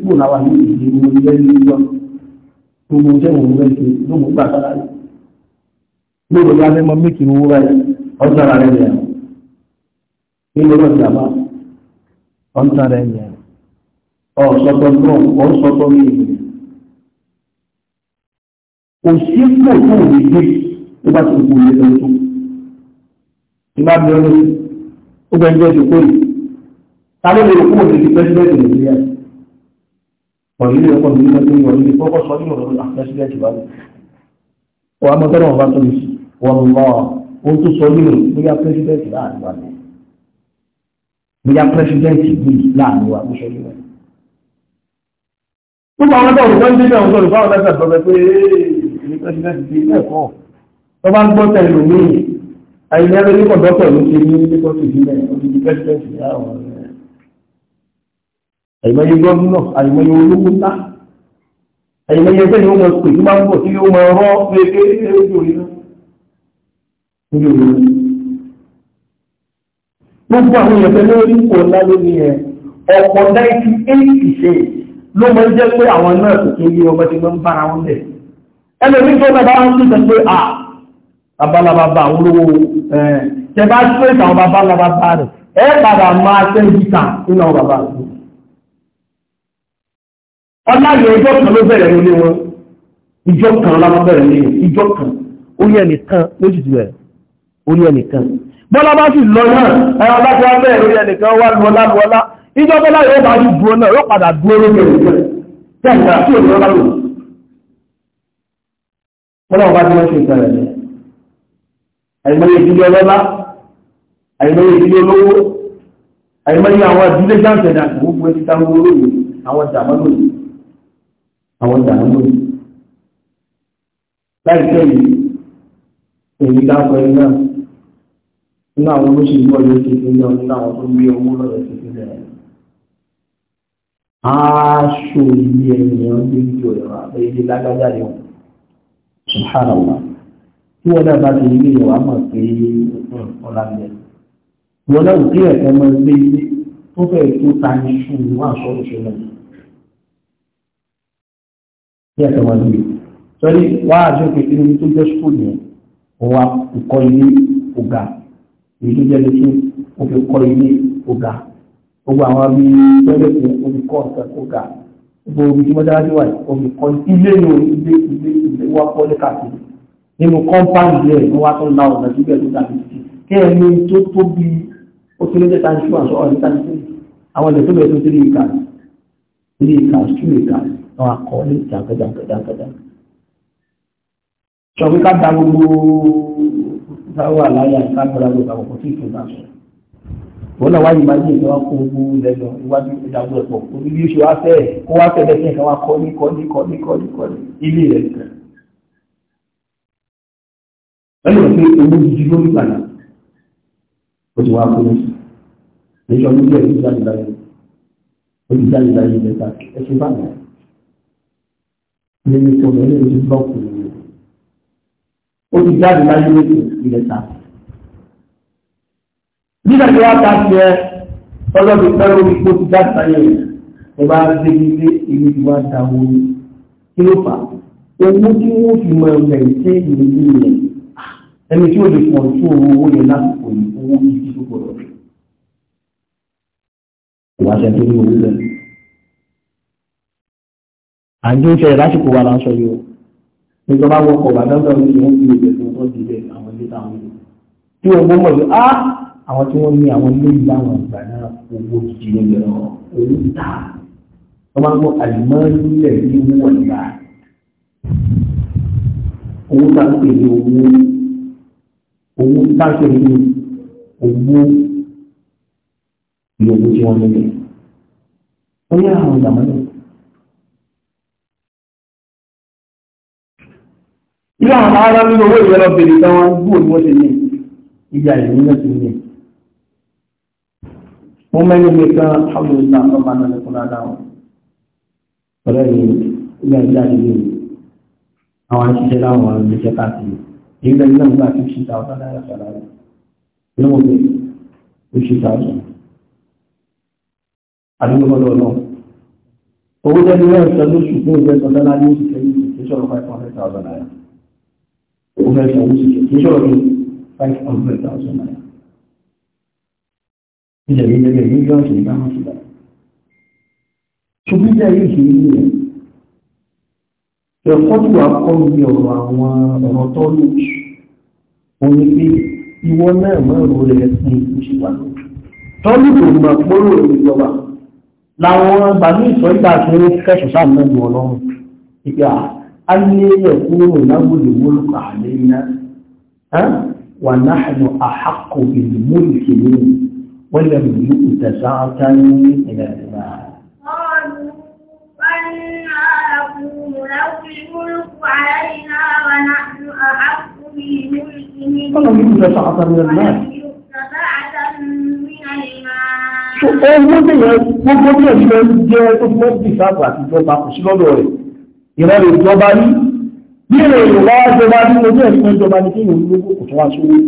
ipò làwà ní ìdílé wọn jẹ́ ní lọ gbogbo jẹ́ òun rẹ̀ ṣe lóògùn gbàgbára rẹ̀ lóògùn yá fẹ́ mọ́ mí kì í wúra rẹ̀ ọjọ́ ara rẹ̀ rẹ̀ nínú náà jàmbá ọ̀ntà rẹ̀ yẹ ọ̀sọ̀tọ̀ tó ọ̀sọ̀tọ̀ ní ìlú kò sí pò tó òwe gbé tó bá ti kú ilé lọ tó ìgbà bí ọdún ó gbẹ jẹ ìdókò yìí ta ló lè kú òwe di pẹ́sidẹ́ntì nàìjíríà wọ̀nyí lè kọ́ mi nígbà tó ń wọ̀nyí lè kọ́kọ́ sọ ní ọ̀rọ̀ pẹ́sidẹ́ntì wa lọ wọ́n á mọ tọ́lọ̀ wọn bá tó mi sí wọn lọ́ọ̀ ó tún sọ ní bóyá pẹ́sidẹ́ntì láàrin wa lọ bóyá pẹ́sidẹ́ǹtì yìí láàrin wa bó ṣe rí wọn. Gbogbo àwọn ọ̀dọ́ òṣìṣẹ́ ń dé náà lọ́rùn fáwọn ọ̀dọ́sà tọ́lẹ̀ pé èyí pẹ́sidẹ́ǹtì ti ilé ẹ̀kọ́. Tó bá ń gbọ́ tẹ̀lé mi, àyìn ẹgbẹ́ ní kọ̀dọ́tọ̀ ló ṣe ní ní kọ́tù ìbílẹ̀ òdìdí pẹ́sidẹ́ǹtì láwọn ọ̀rẹ́. Àyìnbáyé gómìnà, àyìnbáyé olówó ńlá, àyìnbáyé ẹgbẹ́ ni ó mọ pè tó bá ń bọ̀ sí ó mọ gbogbo àwọn èèyàn pẹ̀lú orí kò ńlá lónìí ẹ̀ ọ̀pọ̀ 98 ṣe ló mọ̀ jẹ́ pé àwọn náà tó kí ilé ọmọdé mọ́ ń bára wọn bẹ̀. ẹlòmí tó bàbá wọn sí pé à babalababa àwọn olówó ẹ̀ tẹ bá tó ìta àwọn babalababa rẹ̀ ẹ padà máa tẹ́ ìta nínú àwọn bàbá rẹ̀. ọlá yẹn ìjọ kan ló bẹ̀rẹ̀ nílé wọn ìjọ kan lábọ́ bẹ̀rẹ̀ nílé ìjọ kan ó yẹ nìkan lójijì rẹ̀ ó yẹ bọ́lá bá sì lọ náà ẹ̀rọ bá ti wá bẹ́ẹ̀ lórí ẹnìkan wá lọ́lá lọ́lá ìjọ bọ́lá yóò bá ti dúró náà yóò padà dúró lókè tẹ́ẹ̀kà tí ò lọ́lá lò bọ́lá bá ti wọ́n ṣe ìtẹ̀rẹ̀ ní àìmọye ìdílé ọlọ́lá àìmọye ìdílé olówó àìmọye àwọn ìdílé jáǹtẹ̀ náà gbogbo ẹni táwọn olóòwò àwọn ìdàmọ́ àwọn ìdàmọ́ láìpẹ́ yìí èyí dáńkọ náà nínú àwọn olóṣèlú ọjọ́ ti fi lọ nínú àwọn tó gbé owó lọ́dọ̀ ti fi bẹ̀rẹ̀. aṣọ ilé ènìyàn gbé bí ọ̀rọ̀ àbẹ́ lágbájá ni wọn subhanallah tí wọ́n dàgbà ti ilé ìwà mọ̀ pé hmm, ọ̀làǹdẹ̀ wọ́n náà kí ẹ̀kọ́ mọ ilé ilé tó fẹ́ tó ta iṣu wọn àṣọ́rọ̀ ṣe náà kí ẹ̀kọ́ mọ ilé sọ́rí wàá àjọ kékeré tó jẹ́ sùkúl yẹn òun wa ilé ọ̀gá èyí tó jẹ́ létí o fi kọ́ ilé ọ̀gá gbogbo àwọn abí tọ́lẹ̀kù o fi kọ́ ọ̀sẹ̀ ọ̀gá gbogbo omi tí mọ́tàlá ti wà o ó fi kọ́ ilé ní ilé ilé ilé wá kọ́lé káàkiri nínú kọ́ńpáàdì rẹ̀ ni wọ́n wá tó ń la ọ̀nà síbẹ̀ tó dàbí títí kí ẹni tó tóbi o ti lóde tán ṣú àṣọ ọ̀rẹ́ tán ṣe àwọn ilẹ̀ tó bẹ̀rẹ̀ tó tẹ́lẹ̀ ìka tẹ́lẹ̀ ìka ṣú ìka wọn akọ́lé jàǹkàjàǹkàjàǹkàjàǹkà. sọ báwa láyà kámẹ́rà ló kà kókó tí ìtò náà sọ. wọ́n náà wáyé máa ń yé ìjọba kó owó lẹ́nu iwájú ìdàgbò ẹ̀pọ̀ orí bí oṣù wá fẹ́ kó wá fẹ́ lẹ́sìn kan wá kọ́ ní kọ́ ní kọ́ ní kọ́ ní kọ́ ní ilé rẹ̀ nìkan. wọ́n lè pe owó gidi lórí ìgbàlá ó ti wá kó ní sùn. èyí ọdún díẹ̀ ló jáde láyé ó ti jáde láyé lẹ́ta ẹ̀sìn bá mi. ní ó ti jáde láyé lóde ìpìlẹ̀ ta. Nígbà tí wọ́n ta sí ẹ, ọlọ́dún pẹ́rú orí kó ti jáde láyé rẹ̀, ẹ bá dé ilé ìlú tí wọ́n da owó ní. Kí ló fà? Owó tí wọ́n fi mọ ẹ̀rọ ìṣe ìlú yẹn, ẹni tí ó lè pọ̀ tó owó yẹn lásìkò yìí, owó yìí ti tó gbọdọ̀. Ìwà ṣe tó ní owó Àjọ ìṣẹ̀lẹ̀ lásìkò wa la ń sọ yìí o níjọba wọkọ̀ bàdọ́dọ̀ ní wọ́n fi ìbẹ̀ di bẹ́ẹ̀ àwọn ilé táwọn ilé tí wọ́n mọ̀ mọ̀ sí á àwọn tí wọ́n ní àwọn ilé yìí láwọn ìgbà náà owó jíjí ní ìgbà owó ta wọ́n máa ń mọ̀ àlùmọ́ọ́nì lẹ̀ ní owó ìgbà owó tá ń pè ní owó ilé àwọn ará nínú owó ìwẹ́lọ bèèrè tán gbò ní wọ́n ṣe ní ìyá ìlú ti ní mo mẹ́nu mi kan àwọn ìlú náà lẹ́kùn dáadáa wọn ọ̀rẹ́ ilé ìlú ìlú àwọn aṣiṣẹ́ láwọn ọ̀rọ̀ ìṣẹ́ káàkiri èyí lẹ́yìn náà nígbà tí ṣìṣà ọ̀tá náírà ṣàlàyé ní mo pè é ṣìṣà àdúgbò lọ́wọ́ owó tẹ́lẹ̀ náà sọ lóṣù fún ìgbẹ́sọ̀tẹ́lá ní oṣù kẹ́yìn ìṣẹ́ṣọ̀rọ̀ five hundred ó fẹ́ san owó sí kí ṣọ́ ní five hundred thousand naira ilẹ̀ yìí lẹ́gbẹ̀ẹ́ mílíọ̀nù ní káwọn sílẹ̀ ṣùgbọ́n ìjà yìí ṣe ní rẹ̀ ẹ̀kọ́ tó wà kọ́ ní ọ̀rọ̀ àwọn ọ̀rọ̀ tó lòdì òun ni pé ìwọ náà máa rò rẹ̀ ní ìṣe wà lójú tọ́lú kò mọ̀ pọ́lọ́ ìjọba làwọn bàbá ìsọ̀ ìgbà tó ń kẹ́sùn sáà náà lù ọlọ́run ìgbà أن يكون له الملك علينا ها ونحن أحق بالملك منه ولم يؤت سعة من المال قالوا أن يكون له الملك علينا ونحن أحق بالملك منه ولم يؤت سعة من المال Ṣé ọmọdé yẹn gbogbo bí ẹ̀ṣẹ́ jẹ́ tó fún ọ́fíìsì àgbà àtijọba kò sí lọ́dọ̀ rẹ̀? ìrọ̀lẹ̀ ìjọba ní bí èrè ìwọ́ ìjọba ní ojú ẹ̀sùn ìjọba ní kí ìròyìn ológun kò tó wá sówó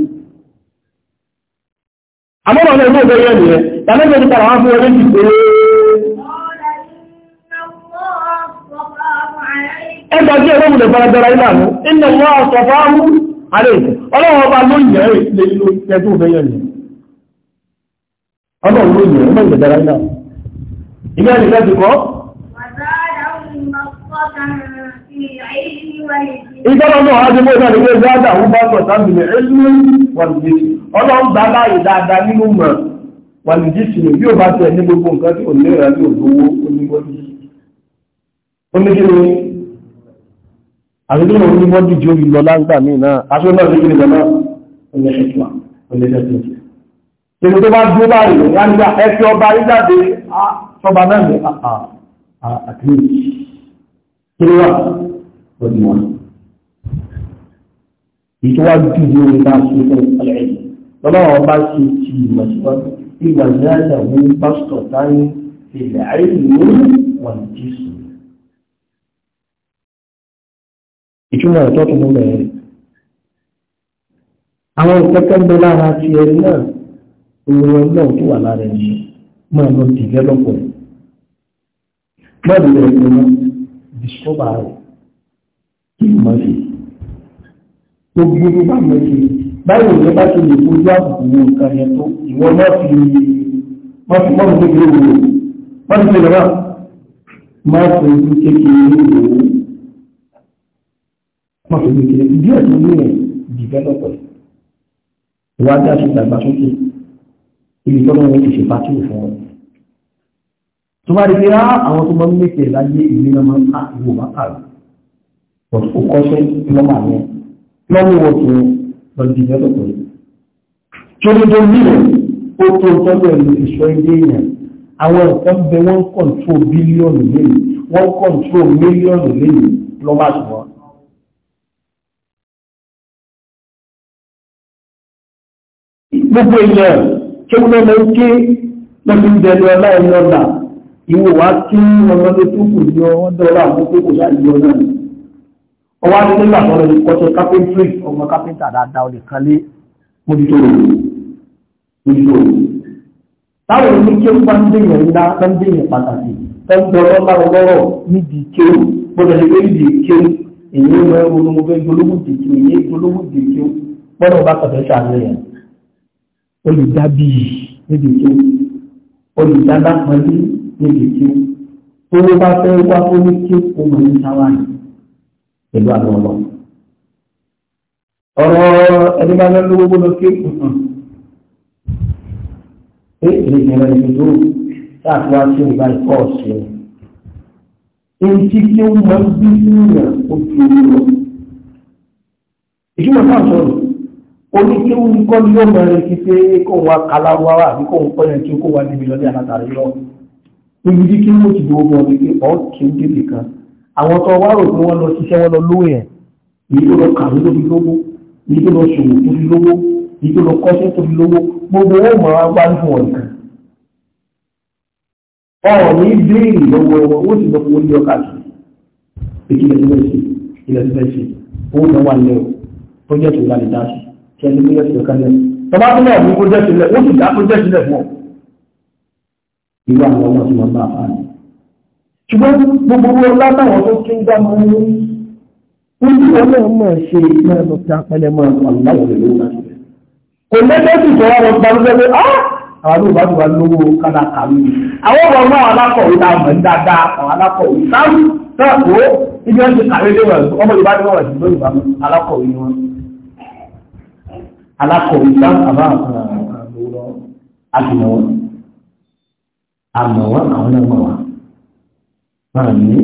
àmọ́nà ọ̀nà ìgbẹ́ yẹn nìyẹn tàbí ẹni tàbí àwọn fún ọdún ti pèrè ẹgbà tí ẹgbẹ́ ìmùlẹ̀ faradára ilá mú iná mọ́ àtọ̀fà mú alẹ́ ọlọ́wọ́ bá ló yẹ̀ rẹ̀ lè lo iṣẹ́ tó fẹ́ yẹn nìyẹn ọlọ́wọ́ ló yẹ̀ rẹ̀ lọ́wọ́ ìgbẹ́ Ìjọba náà wá dípò náà nígbé gbádà ń bá sọ sáàbìlẹ̀ ẹlú wàlùjí. Ọlọ́run bá láyé dáadáa nínú mọ̀ wàlùjí sí ni bí ó bá tẹ̀ ní gbogbo nǹkan tí ò lérà ní òdòwó onígbọ́dì. Onígbìrì àti nínú onígbọ́dì tí ó lọ lágbà míì náà, aṣọ náà lè gbìyànjú náà, ọ̀nà ẹ̀kọ́, ọ̀nà ẹ̀kọ́. Tèmi tó bá dúró báyìí, wọ́n á nígbà ẹ̀fẹ́ ọba yíjáde, ọba náà ní àkíyèsí kí wà lórí wọn. ìtọ́wájú ni orí bá ṣe fún ọ̀rẹ́ yìí lọ́wọ́ bá ṣe ti ìmọ̀ síwájú ìgbà ìyáàjà wo pásítọ̀ táyé ilẹ̀ àìsàn wọn ti sùn. ìtumọ̀ ẹ̀tọ́ tó mú bẹ̀rẹ̀ àwọn ìpẹ́kẹ́ ń bẹ lára ti ẹni náà ìwọ̀n náà tó wà lára ẹni máa lọ dìvẹ́lọ́pọ̀ máa lọ ẹ̀kọ́ náà discover rẹ̀ kí ló máa ṣe gbogbo bí bá máa ṣe báyìí ìyẹn bá ṣe lè fojú àbùkù wo nǹkan yẹn tó ìwọ náà fi wọ́n fi mọ́rùn kékeré wò wọ́n ti lè náà máa fi ojú kékeré wò wọ́n fi ojú kékeré ìdí ẹ̀sùn ní ẹ̀ dìbẹ́lọ́pọ̀ ìwádìí àti ìdàgbàsókè ibi tọ́lọ́wọ́ ti ṣe pàtó fún ọ tó bá di pé ah, àwọn tó bá ń mẹ́tẹ̀ láyé ìwé náà máa ń ká ìwò bá kàrò but ó kọ́ṣẹ́ plọ́mà yẹn plọ́mù wọ̀ tó lọ di ìjọ́ tó tó ní tó nílẹ̀ ó tó tọ́jú ẹ̀lú ìṣọ́ ilé yẹn àwọn ẹ̀kọ́ bẹ wọ́n kọ̀ntró bílíọ̀nù lẹ́yìn wọ́n kọ̀ntró mílíọ̀nù lẹ́yìn plọ́mà tó wọ́n gbogbo ilẹ̀ tó ń ké lọ́sí ìdẹ̀lú ọlá ìlọ́lá ìwò wá kí ọmọdé tó kù yọ wọ́n dọ́là àwọn tó kù láì yọ náà ni ọwọ́ adé nígbà tó lọ kọ́ṣẹ́ kápẹ́ntìrì ọmọ kápẹ́ntà dáadáa olè kan lé mójútó rẹ̀ mójútó rẹ̀ táwọn oní kí ó bá ń dèèyàn ńlá tó ń dèèyàn pàtàkì tó ń dọ́rọ́ lárọ́lọ́rọ́ níbi ike ó gbọ́dọ̀ lè níbi ike ó èyí ń lọ ronú fẹ́ gbólóhùn dèké èyí gbólóhùn dèké ó gbọ́dọ̀ bá kọ̀tọ̀ ṣàlẹ̀ olùdábì níbi ike olùdádá pẹ̀lú níbi tí tó ló bá fẹ́ wá tó ní kí ó mọ̀ ní sáwà ní pẹ̀lú àlọ́ lọ. ọ̀rọ̀ ẹni bá lọ́wọ́ gbogbo lọ sí nǹkan pé èyí ni ẹ̀rọ ìṣòro láti wá sí ìgbà ìkọ́ ọ̀sẹ̀ rẹ̀. èyí tí kí ó mọ̀ ń bí sílẹ̀ ó ju lọ. ìṣúná náà sọ̀rọ̀ oníkéwù kọ́ ni yóò mọ̀ ẹni kí pé kóun wá kaláwa àbí kóun kọ́ yẹn tí ó kó wa níbi lọ́dẹ̀ àlàtàrí lọ́wọ́ níbi kí kí wọ́n ti gbogbo wọn wípé ọ̀kì ń débì kan àwọn tó wá rò pé wọ́n lọ ṣiṣẹ́ wọn lọ lówó yẹn èyí tó lọ kàwé tó lówó èyí lọ ṣòwò tó fi lówó èyí lọ kọ́ṣẹ́ tó fi lówó gbogbo wọn mọ̀ wá wá fún wọn kan. ọ̀rọ̀ ní béèrè lọ́wọ́ wọn ó sì lọ fún wọn ọkà sí ìkìlẹ̀ tó fẹ́ ṣe ìkìlẹ̀ owó náà wà nílẹ̀ o project wo la kí ẹni project yọ irú àwọn ọmọ tí wọ́n bá fà ní. ṣùgbọ́n gbogbo wọn látàwọn tó tún dá mọ́ ní ojú ọmọ ọmọ ṣe máa lọ sí apẹlẹ máa lọ aláwọ̀ lè ah! lówó láti rẹ̀. kò lẹ́gbẹ́sì tó wà lọ gbarúgbẹ́ pé á àwọn tó ni wọn wà sí lórí ìbámu ni wọn. alákọ̀wé sáwù àmọ̀ wọn àwọn náà mọ̀ wọn máa ní.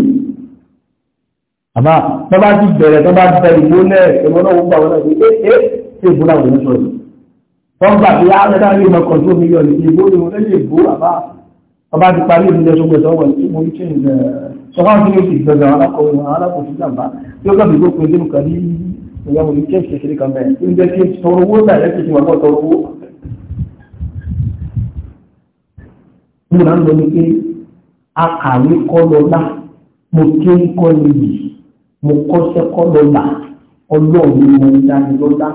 àmọ́ tó bá ti bẹ̀rẹ̀ tó bá bẹ ìlú náà ìmọ̀ náà wọ́n gbà wọn náà ṣe é ṣe ìbúra wọn sọ yìí. wọ́n gbà pé àwọn ẹ̀dá yóò máa kọ̀ọ̀tún mi yọ ìdí ìbò ìwọ̀n lẹ́yìn ìbò àbá tó bá ti parí ìlú lẹ́sọ̀gbọ̀ ìsọ̀wọ̀ tí mo ń ṣe ìlẹ̀ sọ́kàn tí mo ti gbẹ̀gbẹ̀ alákọ̀wé alákọ̀wé jàmbá yóò gbà gbogbo pé lẹ́nu kan ní ìyàwó ní kéèkì kékeré kan bẹ́ẹ̀ ń jẹ́ kí tọrọ owó náà yẹ mo máa ń lọ ní pé akàwé kọ́ lọ lá mo ké kọ́ níyì mo kọ́ṣẹ́ kọ́ lọ là ọlọ́run ni mo ń dání lọ́lá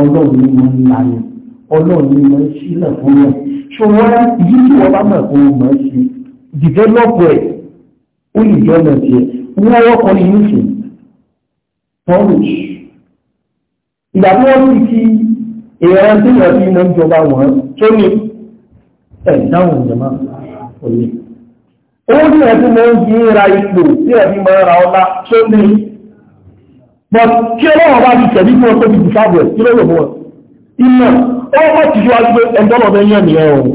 ọlọ́run ni mo ń lani ọlọ́run ni mo ń sílẹ̀ fún yẹn ṣùgbọ́n yìí tí wọ́n bá mọ̀ kó o mọ̀ ṣe dìvẹ́lọ́pù ẹ̀ ó lè jẹ́ ọ̀nà tiẹ̀ wọ́n wọ́kọ̀ ní yúùsù tọ́lùs ìgbà tí wọ́n sì fi èèyàn tí wọ́n fi mọ́ ìjọba wọ́n tó ní ẹ̀ dáhùn jẹ̀mọ́ òní. ó ní ẹ̀fí mọ́ ń fi ń ra ipò tí ẹ̀fí mọ́ ra ọlá tó ní but kí ọlọ́wọ́ bá ti tẹ̀lé fún ọkọ̀ ìdìbò sábẹ̀ kí ló yọ̀ fún ọ iná ọkọ̀ ti fi wájú pé ẹgbọ́n ọ̀bẹ yẹn ni ẹ̀ ọ̀hún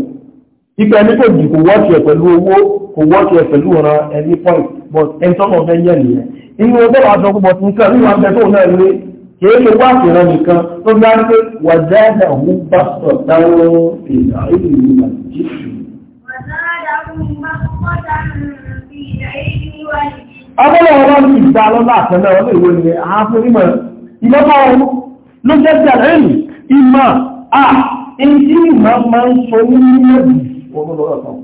ipa ẹni kò dì kò wọ́ọ̀tì ẹ̀ pẹ̀lú owó kò wọ́ọ̀tì ẹ̀ pẹ̀lú ọ̀ràn ẹni point but ẹgbọ́n ọ̀bẹ yẹn ni ẹ̀ inú ọgbọ́n àjọkùbọ̀ kìí ṣe wá ìran nìkan tó bá ń pé wàdáàdà òun bá sọ̀ dáwọ́ ìlà ìlú nàìjíríà. Abọ́lọ̀ ọ̀rọ̀ ti gbà lọ́lá àtẹ́lẹ̀ ọlọ́ ìwé ni àáfún onímọ̀ ìlọ́pọ̀ ọmọ ló jẹ́ sí àlẹ́yìn ìmọ̀ à èyí tí ìmọ̀ máa ń sọ ní mílíọ̀nù ọmọlọ́rọ̀ kan.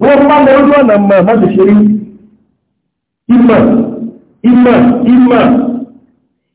Wọ́n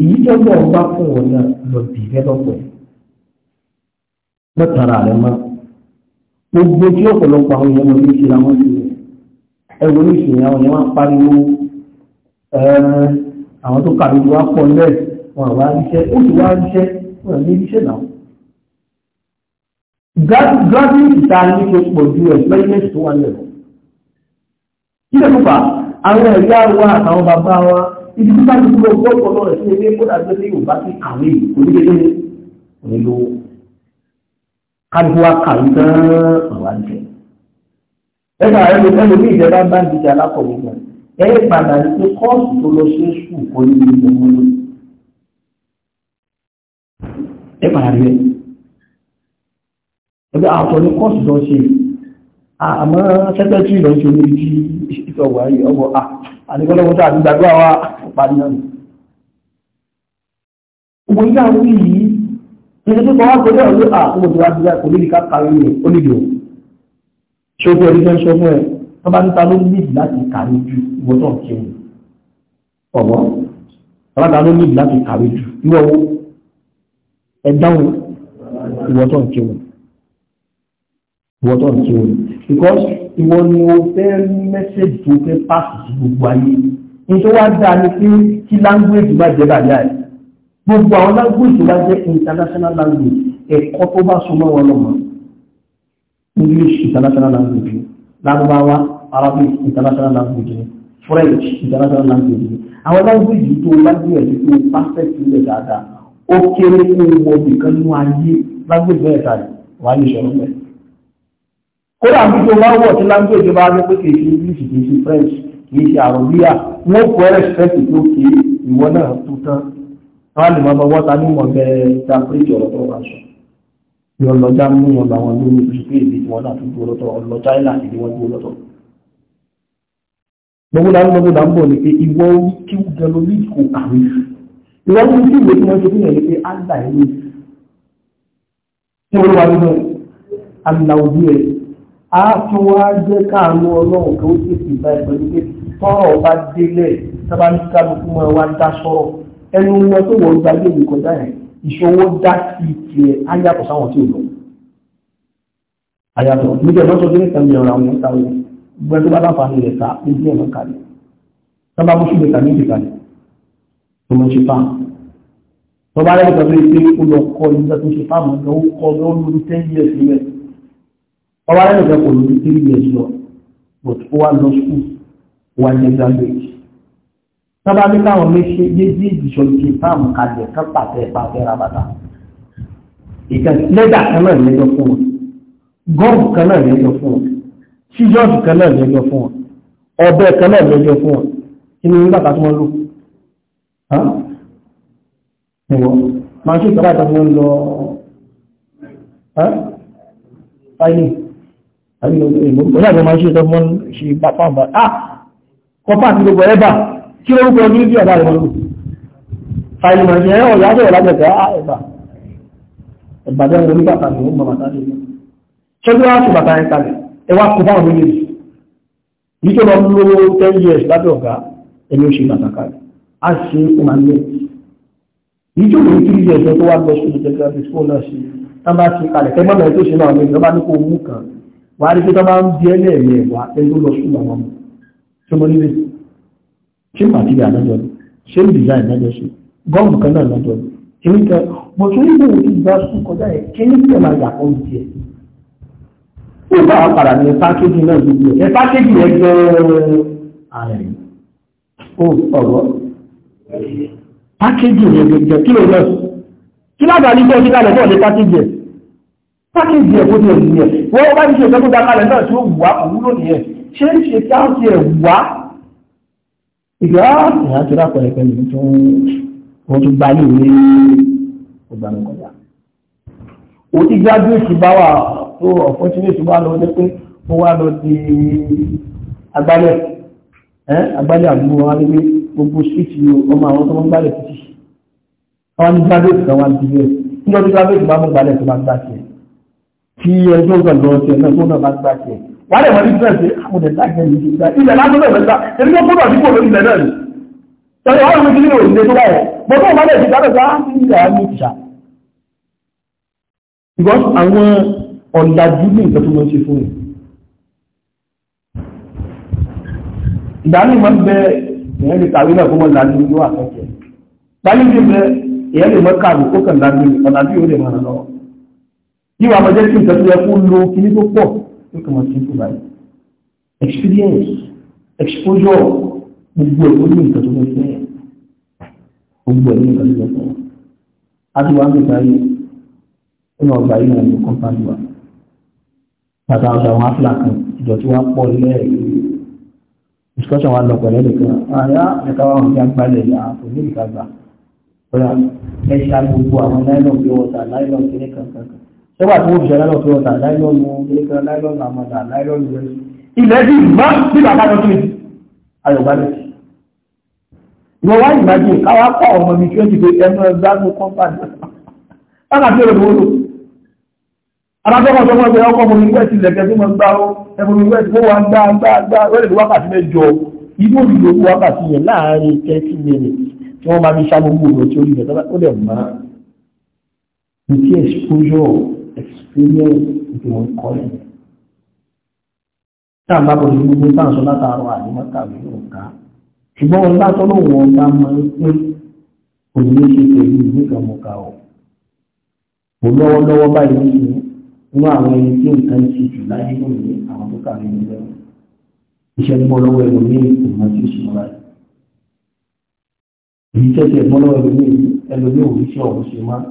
èyí tó bọ̀ bá fún wọn náà lọ bì rẹ lọ́pọ̀ ẹ̀ mọ́tara rẹ mọ́ gbogbo tí ọ̀pọ̀lọpọ̀ àwọn èèyàn lórí ìṣẹ̀lẹ̀ àwọn ìṣẹ̀lẹ̀ ẹ̀rọ ìṣẹ̀lẹ̀ àwọn èèyàn máa ń pariwo àwọn tó kàwé wá pọ̀ lẹ́ẹ̀ wọn àwa ríṣẹ́ ó sì wá ríṣẹ́ wọn àní ríṣẹ́ náà. gravity ta ní kò pọ̀ ju experiment tó wà lẹ́rọ. kí ló fà àwọn ẹ̀yà wa àtàwọn bàbá wa ibi tí báyìí kúrò gbọ́dọ̀ lọ rẹ̀ sí ilé kódà tó ní yorùbá ti kàwé oníkèké onílò kájúwa kàwé gan-an àwọn àjẹ. ẹ kà ẹ lè fẹ́ẹ́ lórí ìjọba bá ń dìjà alákọ̀wé náà ẹ padà ní pé kọ́ọ̀sì tó lọ sí sùn kọ́ ní ilé ọmọ lọ. ẹ padà rí ẹ ẹgbẹ́ àtọ̀ ní kọ́ọ̀sì lọ sí àmọ́ sẹ́kẹ́tì lọ sí omi tí ìtọ̀wá yìí ọgbọ̀ parí náà òwò yíyá ń wí yìí ah, ìdí tó kọ́wá kọjá ọ̀lú àwọn òṣèlú àdúrà kò níbi ká parí rẹ̀ ó níbi òun ṣé o fẹ́ rí fẹ́ sọ fún ẹ tó bá níta ló níbi láti kàrí ju ìwọ tó ń kéwù ọ̀bọ̀ alága ló níbi láti kàrí ju ìwọ wo ẹ dáhùn tó ń kéwù ìwọ tó ń kéwù because ìwọ ni o fẹ́ mẹ́sẹ̀jì tó fẹ́ pàṣẹ sí gbogbo ayé ètò wa dáa ni pé kí language má jẹ́ bàjẹ́ àyè gbogbo àwọn language bá jẹ́ international language ẹ̀kọ́ tó bá so mọ́ wọn lọ́mọ English international language Lárúbáwá Arabic international language French international language àwọn language tó bá jẹ́ ẹ̀sìn tó perfect ilẹ̀ dáadáa ó kéré kó wọ nìkan nú ayé language bẹ́ẹ̀ ta wà ní ìṣòro bẹ́ẹ̀ kódà bí tó bá wọ̀ sí language bá jẹ́ pé kì í ṣe English kì í ṣe French kìí ṣe àròbíyà wọ́n kọ́ ẹ̀rẹ́sìpẹ́sì tó kí ìwọ náà tó tán wọ́n lè máa bọ́ wọ́ta ní mọ̀ bẹ́ẹ̀ ta péjì ọ̀rọ̀ tó bá sọ ní ọlọ́jà mú wọn bá wọn lórí oṣù pé ìdí wọn náà tó dúró lọ́tọ̀ ọlọ́jà ìlà ìdí wọn dúró lọ́tọ̀ gbogbo dáhùn gbogbo dáhùn bọ̀ ni pé ìwọ kí wọ́n jẹ lórí ìkó àárín ìwọ ní kí ìwé tí wọ́n ṣe fún yẹn ni pé àgbà ìwé tí wọ́n wá nínú àlà òbí ẹ̀ á tún wá jẹ́ káàánú ọlọ́run kan ó sì tọ́rọ̀ bá délẹ̀ sábà ní kálukú mọ́ wa dá sọ́rọ̀ ẹnu wọn tó wọ́n gba ilé ìwé kọjá yẹn ìṣòwò dá sí tiẹ̀ ayàtọ̀ sáwọn tí ò lọ. àyàtọ̀ níjẹ́ lọ́sọ̀ tó ní sẹ́mi ọ̀rọ̀ àwọn ẹ̀ta wọn gbẹ́ tó bá bá fa nílẹ̀ ta níbi ẹ̀mọ́ kalẹ̀ sábà mú ṣùgbẹ́ tàbí ìdí kalẹ̀ tó mọ̀ ṣe fáà tó bá yàtọ̀ tó ṣe kó lọ kọ́ nígbà tó ṣe fáà mọ̀ lọ́wọ́ kọ́ lọ́wọ́ lórí ten years níbẹ̀ ọba yàtọ̀ kò lórí three years lọ but ó wà lọ school wà ní ìgbàgbéjì tọ́ba ní káwọn méṣe yéjì ìjìṣọ́ ìjì fáàmù kalẹ̀ kán pàtẹ pàtẹ ra bàtà ìkan lẹ́dà kan náà lẹ́jọ́ fún wọn gọ́ọ̀bù kan náà lẹ́jọ́ fún wọn ṣíjọ́ọ̀sì kan náà lẹ́jọ́ fún wọn ọ̀bẹ kan náà lẹ́jọ́ fún wọn kí ni nígbà tá tí wọ́n lò ẹ̀wọ̀n máa ṣe ìtọ́lá ìtọ́jú wọn lọ fáìlì àbí ìmọ̀ ìgbọ́dọ̀ máa ṣe ìtọ́jú wọn ṣe bàtà bàtà kọ́pá àti gbogbo ẹ̀bà kí ló rúkọ ní ìdí ọ̀dá rẹ̀ lọ́rùn fàìlìmọ̀ ní ẹ̀rọ ìyá bẹ̀rẹ̀ lágbẹ̀tẹ̀ ah, ẹ̀bà ẹ̀bà jẹ́ orí bàtà ní ó mọ̀ bàtà ní years lábẹ́ ọ̀gá ẹni ó ṣe bàtà kalẹ̀ á ṣe ó máa ń years tó wá lọ sí ìjẹta ìfowó náà ṣe tá bá ti kalẹ̀ kẹ́gbọ́n náà tó ṣe náà ní ìjọba ní kó mú kan wàá rí pé tó bá ń bí ẹlẹ́ẹ̀mí ẹ̀wà ẹni tó lọ sí ìgbà wọn tí mo nílé ṣé màdìlẹ̀ ànájọ́ ni ṣé design ànájọ́ ṣe gọ́ọ̀mù kan náà ànájọ́ ni kìíní kan mo tún ní ìbéèrè tí ìgbà sùn kọjá yẹn kìíní tí ẹ máa yà kọ́ ní tiẹ̀. ní ìgbà wa padà ní pákéjì náà gbogbo ẹ pákéjì yẹn gbẹ́rẹ́ ààrẹ ó ọ̀rọ̀ pákéjì yẹn gbẹgbẹ kí ló lọ kí lágbàá ní bẹ́ẹ̀ kíkà lẹ́tọ̀ọ́ ní pákéjì yẹn pákéjì yẹn kó tiẹ̀ nìyẹn wọ́n bá ti ṣe ìtọ́jú dákalẹ̀ náà tí ó wù á òwúrò nìyẹn ṣé ń ṣe táàkì ẹ̀ wá ìgbà ìyá tó dápọ̀ ẹ̀pẹ́ ní tó wọ́n tó gbáyé ìwé ọgbàmùkọ̀dá ó ti jáde èsì bá wà tó ọ̀fọ́tíwèsì bá lọ pé ó wá lọ di agbálẹ̀ agbálẹ̀ àbúrò wọn wípé gbogbo síìtì ọmọ àwọn tó wọ́n gbálẹ̀ títì àwọn ní jáde èsì káwọn ti yẹ kí lọ́dún jáde èsì bá mú gbálẹ̀ tó bá gbà tiẹ̀ kí ẹjọ́ gbàgbọ́ tiẹ̀ náà tó náà bá gbà tiẹ̀ wàá lè mọ ní fẹ́ẹ̀sì àmúdẹ̀ láìpẹ́ ní ìgbà ilẹ̀ lásán bẹ̀rẹ̀ sá èmi tó gbọ́dọ̀ dípò lórí ilẹ̀ náà ni tẹ̀lé wàá lórí kílíọ̀ ìdílé tó báyẹ̀ mo tó wọ́n lè fi dáná sá ilẹ̀ àmì ìjà because àwọn ọ̀làjú ní nǹkan tó lọ sí fún yìí ìgbà ní máa ń bẹ èèyàn lè kàwé náà kó mọ làjú ní wà kẹ́kẹ́ báyìí ti bẹ èèyàn lè mọ kàwé kó kàn làjú ọ̀làjú yóò lè máa lọ yíwà máa jẹ́ kí nǹkan tó yẹ kó lo kíní tó pọ̀ yóò kàn mọ́ sí ìkú experience exposure gbogbo ẹ̀ ó ní nǹkan tó fẹ́ fẹ́ gbogbo ẹ̀ ní nǹkan tó fẹ́ fẹ́ àti wàá gbèsè ayé ó lọ gbà yín àwọn kan pàdé wa bàtà ọ̀dọ̀ àwọn afúlà kan ìdọ̀tí wa pọ̀ lẹ́ẹ̀rí discussion wa lọ pẹ̀lẹ́ nìkan àyà ẹ̀ka wa wọn fi agbálẹ̀ yà kò ní ìka gbà bóyá ẹ ṣe àgbogbo àwọn nylon pure water nylon kiri kankan kan nígbà tí wọ́n fi ṣẹlẹ́ lọ́tọ́ ọ̀tà láìlọ́nù ẹlẹ́kẹ̀rẹ́ láìlọ́nù àmàdà láìlọ́nù rẹ̀ ilẹ̀ bí ìgbà bí bàbá lọ sí ayọ̀gbá lẹ̀ ìwọ wá ìgbàjì káwá kọ́ ọmọ mi twenty to ẹnu ẹgbàánu kọ́mpáàdì ọ̀nà tí èrò lówó lò alájọ́kọ̀ tó wọ́n pe ọkọ̀ ọmọ mi ẹmọ mi wẹ́ẹ̀tì tí wọ́n bá mi ṣá gbogbo tí ó rí rẹ̀ ní kí exposure experience ìdíwọ̀n kọ́lẹ̀. Táà bá bọ̀dé gbogbo sáǹsọ látàrọ àdúgbò tàbí òǹkà. Ṣùgbọ́n wọn látọ́ lóun ọ̀gá máa ń pín òní ṣe pẹ̀lú ìwé kan mọ̀ ká o. Mo lọ́wọ́lọ́wọ́ báyìí ní ṣe inú àwọn ẹni tí nǹkan ti jù láyé lónìí àwọn tó kà nínú ẹ̀rọ. Iṣẹ́ ń bọ́ lọ́wọ́ ẹ̀rọ ní ìmọ̀ tí ó sì mọ́ra. Èyí tẹ́tẹ́ bọ́ lọ́wọ́ ẹ̀rọ ní ẹlòmíì òwúṣẹ́ ọ̀hún ṣe máa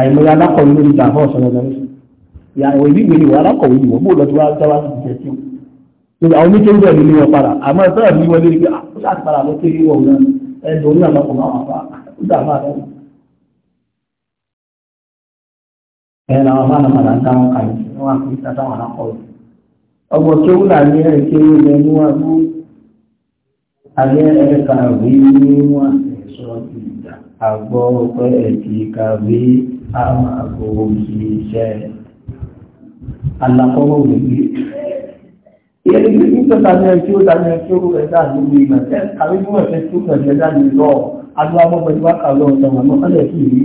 àìmọye alákọ̀wé lórí ìgbà fún ọ̀sán lọ́dọ̀ lọ́sùn ìyàwó ìbígbé ìwà alákọ̀wé ìwọ bó lọ ti wá dáwà sí ìjẹ ah, sí o lórí àwọn wọn lórí pé lọ kéré wọn náà ẹ ní ọgbọ náà ní ẹ kéré wọn bú ẹ ní wọn Ama máa gbowó sí iṣẹ́ alákọ̀ọ́wọ́ wíwí. ìyẹn ní bí tó ta ní ẹtí ó ta ní ẹtí ó rẹ̀ dá nínú ìgbà tẹ́ àbí bí wọ́n fẹ́ tó pẹ̀lú ẹ̀dá ní lọ agbá mọ́ pẹ̀lú wákà lọ ọ̀sán àmọ́ ọ̀lẹ̀ kì í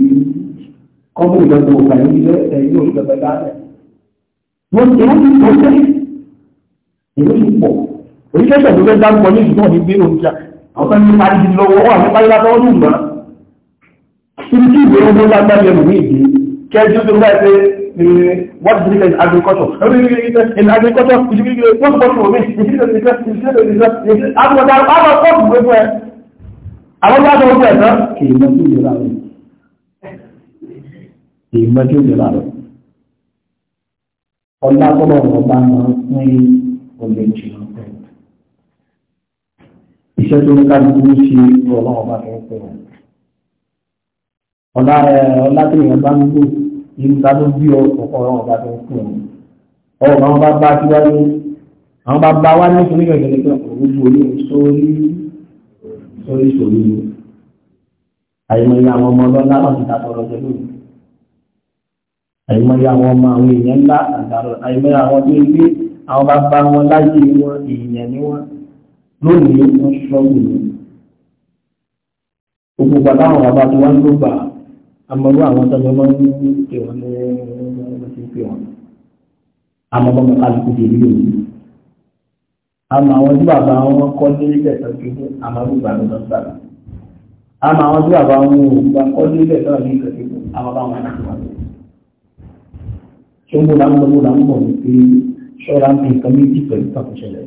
kọ́mú ìjọba òkà yìí lé ẹ̀yìn òṣèlú dálẹ̀. wọ́n ti wọ́n ti pọ̀ sí ìlú ti pọ̀ oníṣẹ́ṣẹ́ tó fẹ́ dá ibi tí ìbò ọdún lágbàgbà ẹ̀mù ní ìdí kẹjú tó bá ṣe eh, what is it in agriculture in agriculture ìjúgbìgbìgbì wọ́n bọ́ fún omi ìjúgbìgbì ìjúgbìgbì ìṣẹ́ tó ní ká ní kí ní ṣe ọlọ́ọ̀bá tó ń pè wọ́n ọ̀la ọ̀làtẹ̀yìn ọba ń gbò irú ta ló bí ọ̀pọ̀ ọ̀rọ̀ ọba tó ń kú ọ̀hún ọ̀rọ̀ àwọn bá bá síwájú àwọn bá bá wá ní ìpínlẹ̀ ìgbẹ̀lẹ̀ pé òun borí sórí sórí sòrí ni àìmọye àwọn ọmọ ọlọ́lá wọn ti dàtọ̀ lọ́jọ́ lónìí àìmọye àwọn ọmọ àwọn èèyàn ńlá àdàrọ̀ àìmọye àwọn tó ń gbé àwọn bá bá wọn láyé wọn èèyàn ni wọn lónìí wọn amọ̀rú àwọn tọ́jọ́ máa ń pè wọ́n ní ọmọ tí ń pè wọ́n àmọ́ bọ́ mọ́ kálukú di ìlú òní àmọ́ àwọn tí bàbá wọn kọ́ nílé tẹ̀sán kí fún àmọ́rú bàbá lọ sára àmọ́ àwọn tí bàbá wọn ò gbà kọ́ nílé tẹ̀sán kí fún àmọ́ wọn láti wà lórí. ṣé ń bọ̀ láńbọ̀ láńbọ̀ ní pé ṣọ́ra ń fi nǹkan méjì pẹ̀lú kàkúṣẹ̀lẹ̀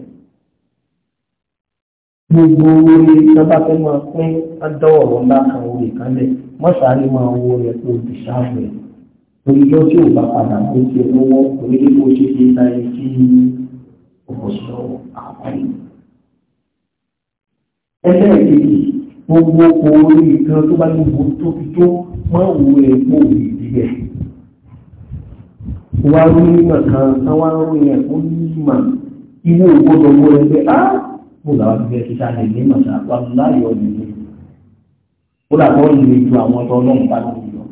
gbogbo orí lọ́ba tó máa pín ádọ́wọ̀ wọn bá kan orí kan lẹ̀ mọ́sàárì máa wọ rẹ̀ tó ti ṣáàbù ẹ̀ torí yọ tí ò bá padà tó ti lọ́wọ́ orílẹ̀ èdè ṣe ti ta ẹ̀ tí òkò sọ àpárí. ẹlẹ́ẹ̀kejì gbogbo orí kan tó bá gbogbo tóbi tó máa wọ ẹ̀ kó òbí ìdílé wá rí ìmọ̀ táwọn arúgbó yẹn ó ní ìmọ̀ ìwé ògbódò wọ ẹgbẹ́ áá. Ah! kó làwọn ti fẹ́ kíkà lè ní màtà wà láyé ọ̀dùn ní. ó làkọ́ ìlú ju àwọn ọ̀dọ́ ọlọ́run bá lórí lọ.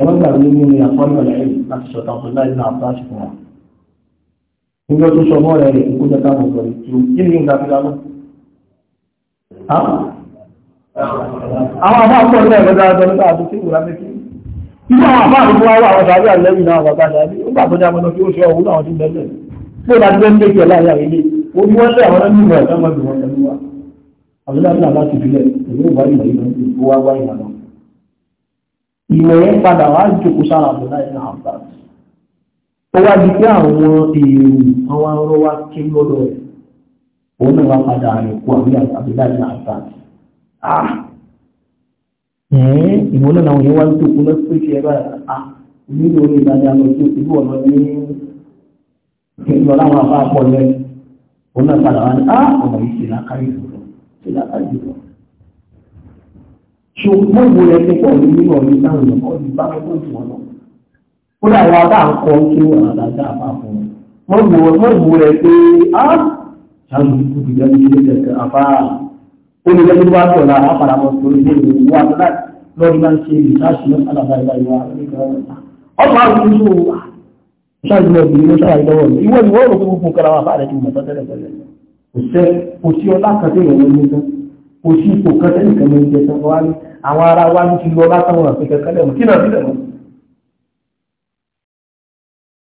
ẹ̀rọ gbàgbé nínú àkọ́lẹ̀ rẹ̀ láti sọ̀tà fún láì náà bá ṣe fún wa. nígbà tó sọ mọ́ rẹ̀ rẹ̀ kó jẹ́ ká mọ̀ sọ̀rọ̀ tó kí ni ìgbà fúnra lọ. àwọn àbá àpọ̀ ní ẹ̀rọ dáadáa nípa àtúntí ìwúra mẹ́kì Ibi àwọn àbá àdúgbò wa wà àwọn sàbí àlẹ́yìn náà bàbá sàbí, ó gbà tó ní kí ó ṣe ọ̀hún náà ọdún bẹ́ẹ̀ bẹ́ẹ̀. Bí ó bá ti bẹ́ẹ̀ ń gbé kí ẹ̀ láyé àwọn ilé, gbogbo wọn tẹ àwọn ẹni ìwà ìtàn máa dùn wọn pẹ̀lú wa àbúláàbí láti filẹ̀ èmi ò bá ìwà ìlànà wáyé ìlànà ìmọ̀ yẹn padà wá jòkó sára ó wá di pé àwọn èrò àwọn arọ ké lọ́dọ̀ rẹ̀ òun náà wá padà rẹ̀ ìwọ náà yẹn wá jòkó báyìí orí òun náà padà wá ní á ah, ọmọ yìí ṣe lákàrí ìdúró ṣe lákàrí ìdúró. ṣùgbọ́n ìwé ẹgbẹ́ pọ̀ ní nínú ọ̀rẹ́ táwọn èèyàn kọ́ ah, ní báwọn tó jù wọn mau boleh dà wá bá ń kọ́ kí wọ́n àdá dá àbá fún wọn. wọ́n ìwé rẹ̀ pé á ṣáàlù kú ti dẹ́nu ṣe tẹ̀sẹ̀ àbá olùdẹ́nu bá tọ̀ la á padà ṣáàjúlọ obìnrin ló ṣáàrí lọ́wọ́ mi ìwọ ìwọ òrò fún fún karawa fàárẹ̀ tí mo tọ́tẹ́lẹ̀ pẹ̀lẹ̀ kò sẹ́ kò sí ọlá kan tẹ́yẹ̀ wọ́n ní tán kò sí ipò kan tẹ́yẹ̀ kan ní jẹ tán wá ní àwọn ará wa ní ti lọ látàwọn àti kẹkẹ lẹ́mọ̀ kí náà sílẹ̀ mọ́.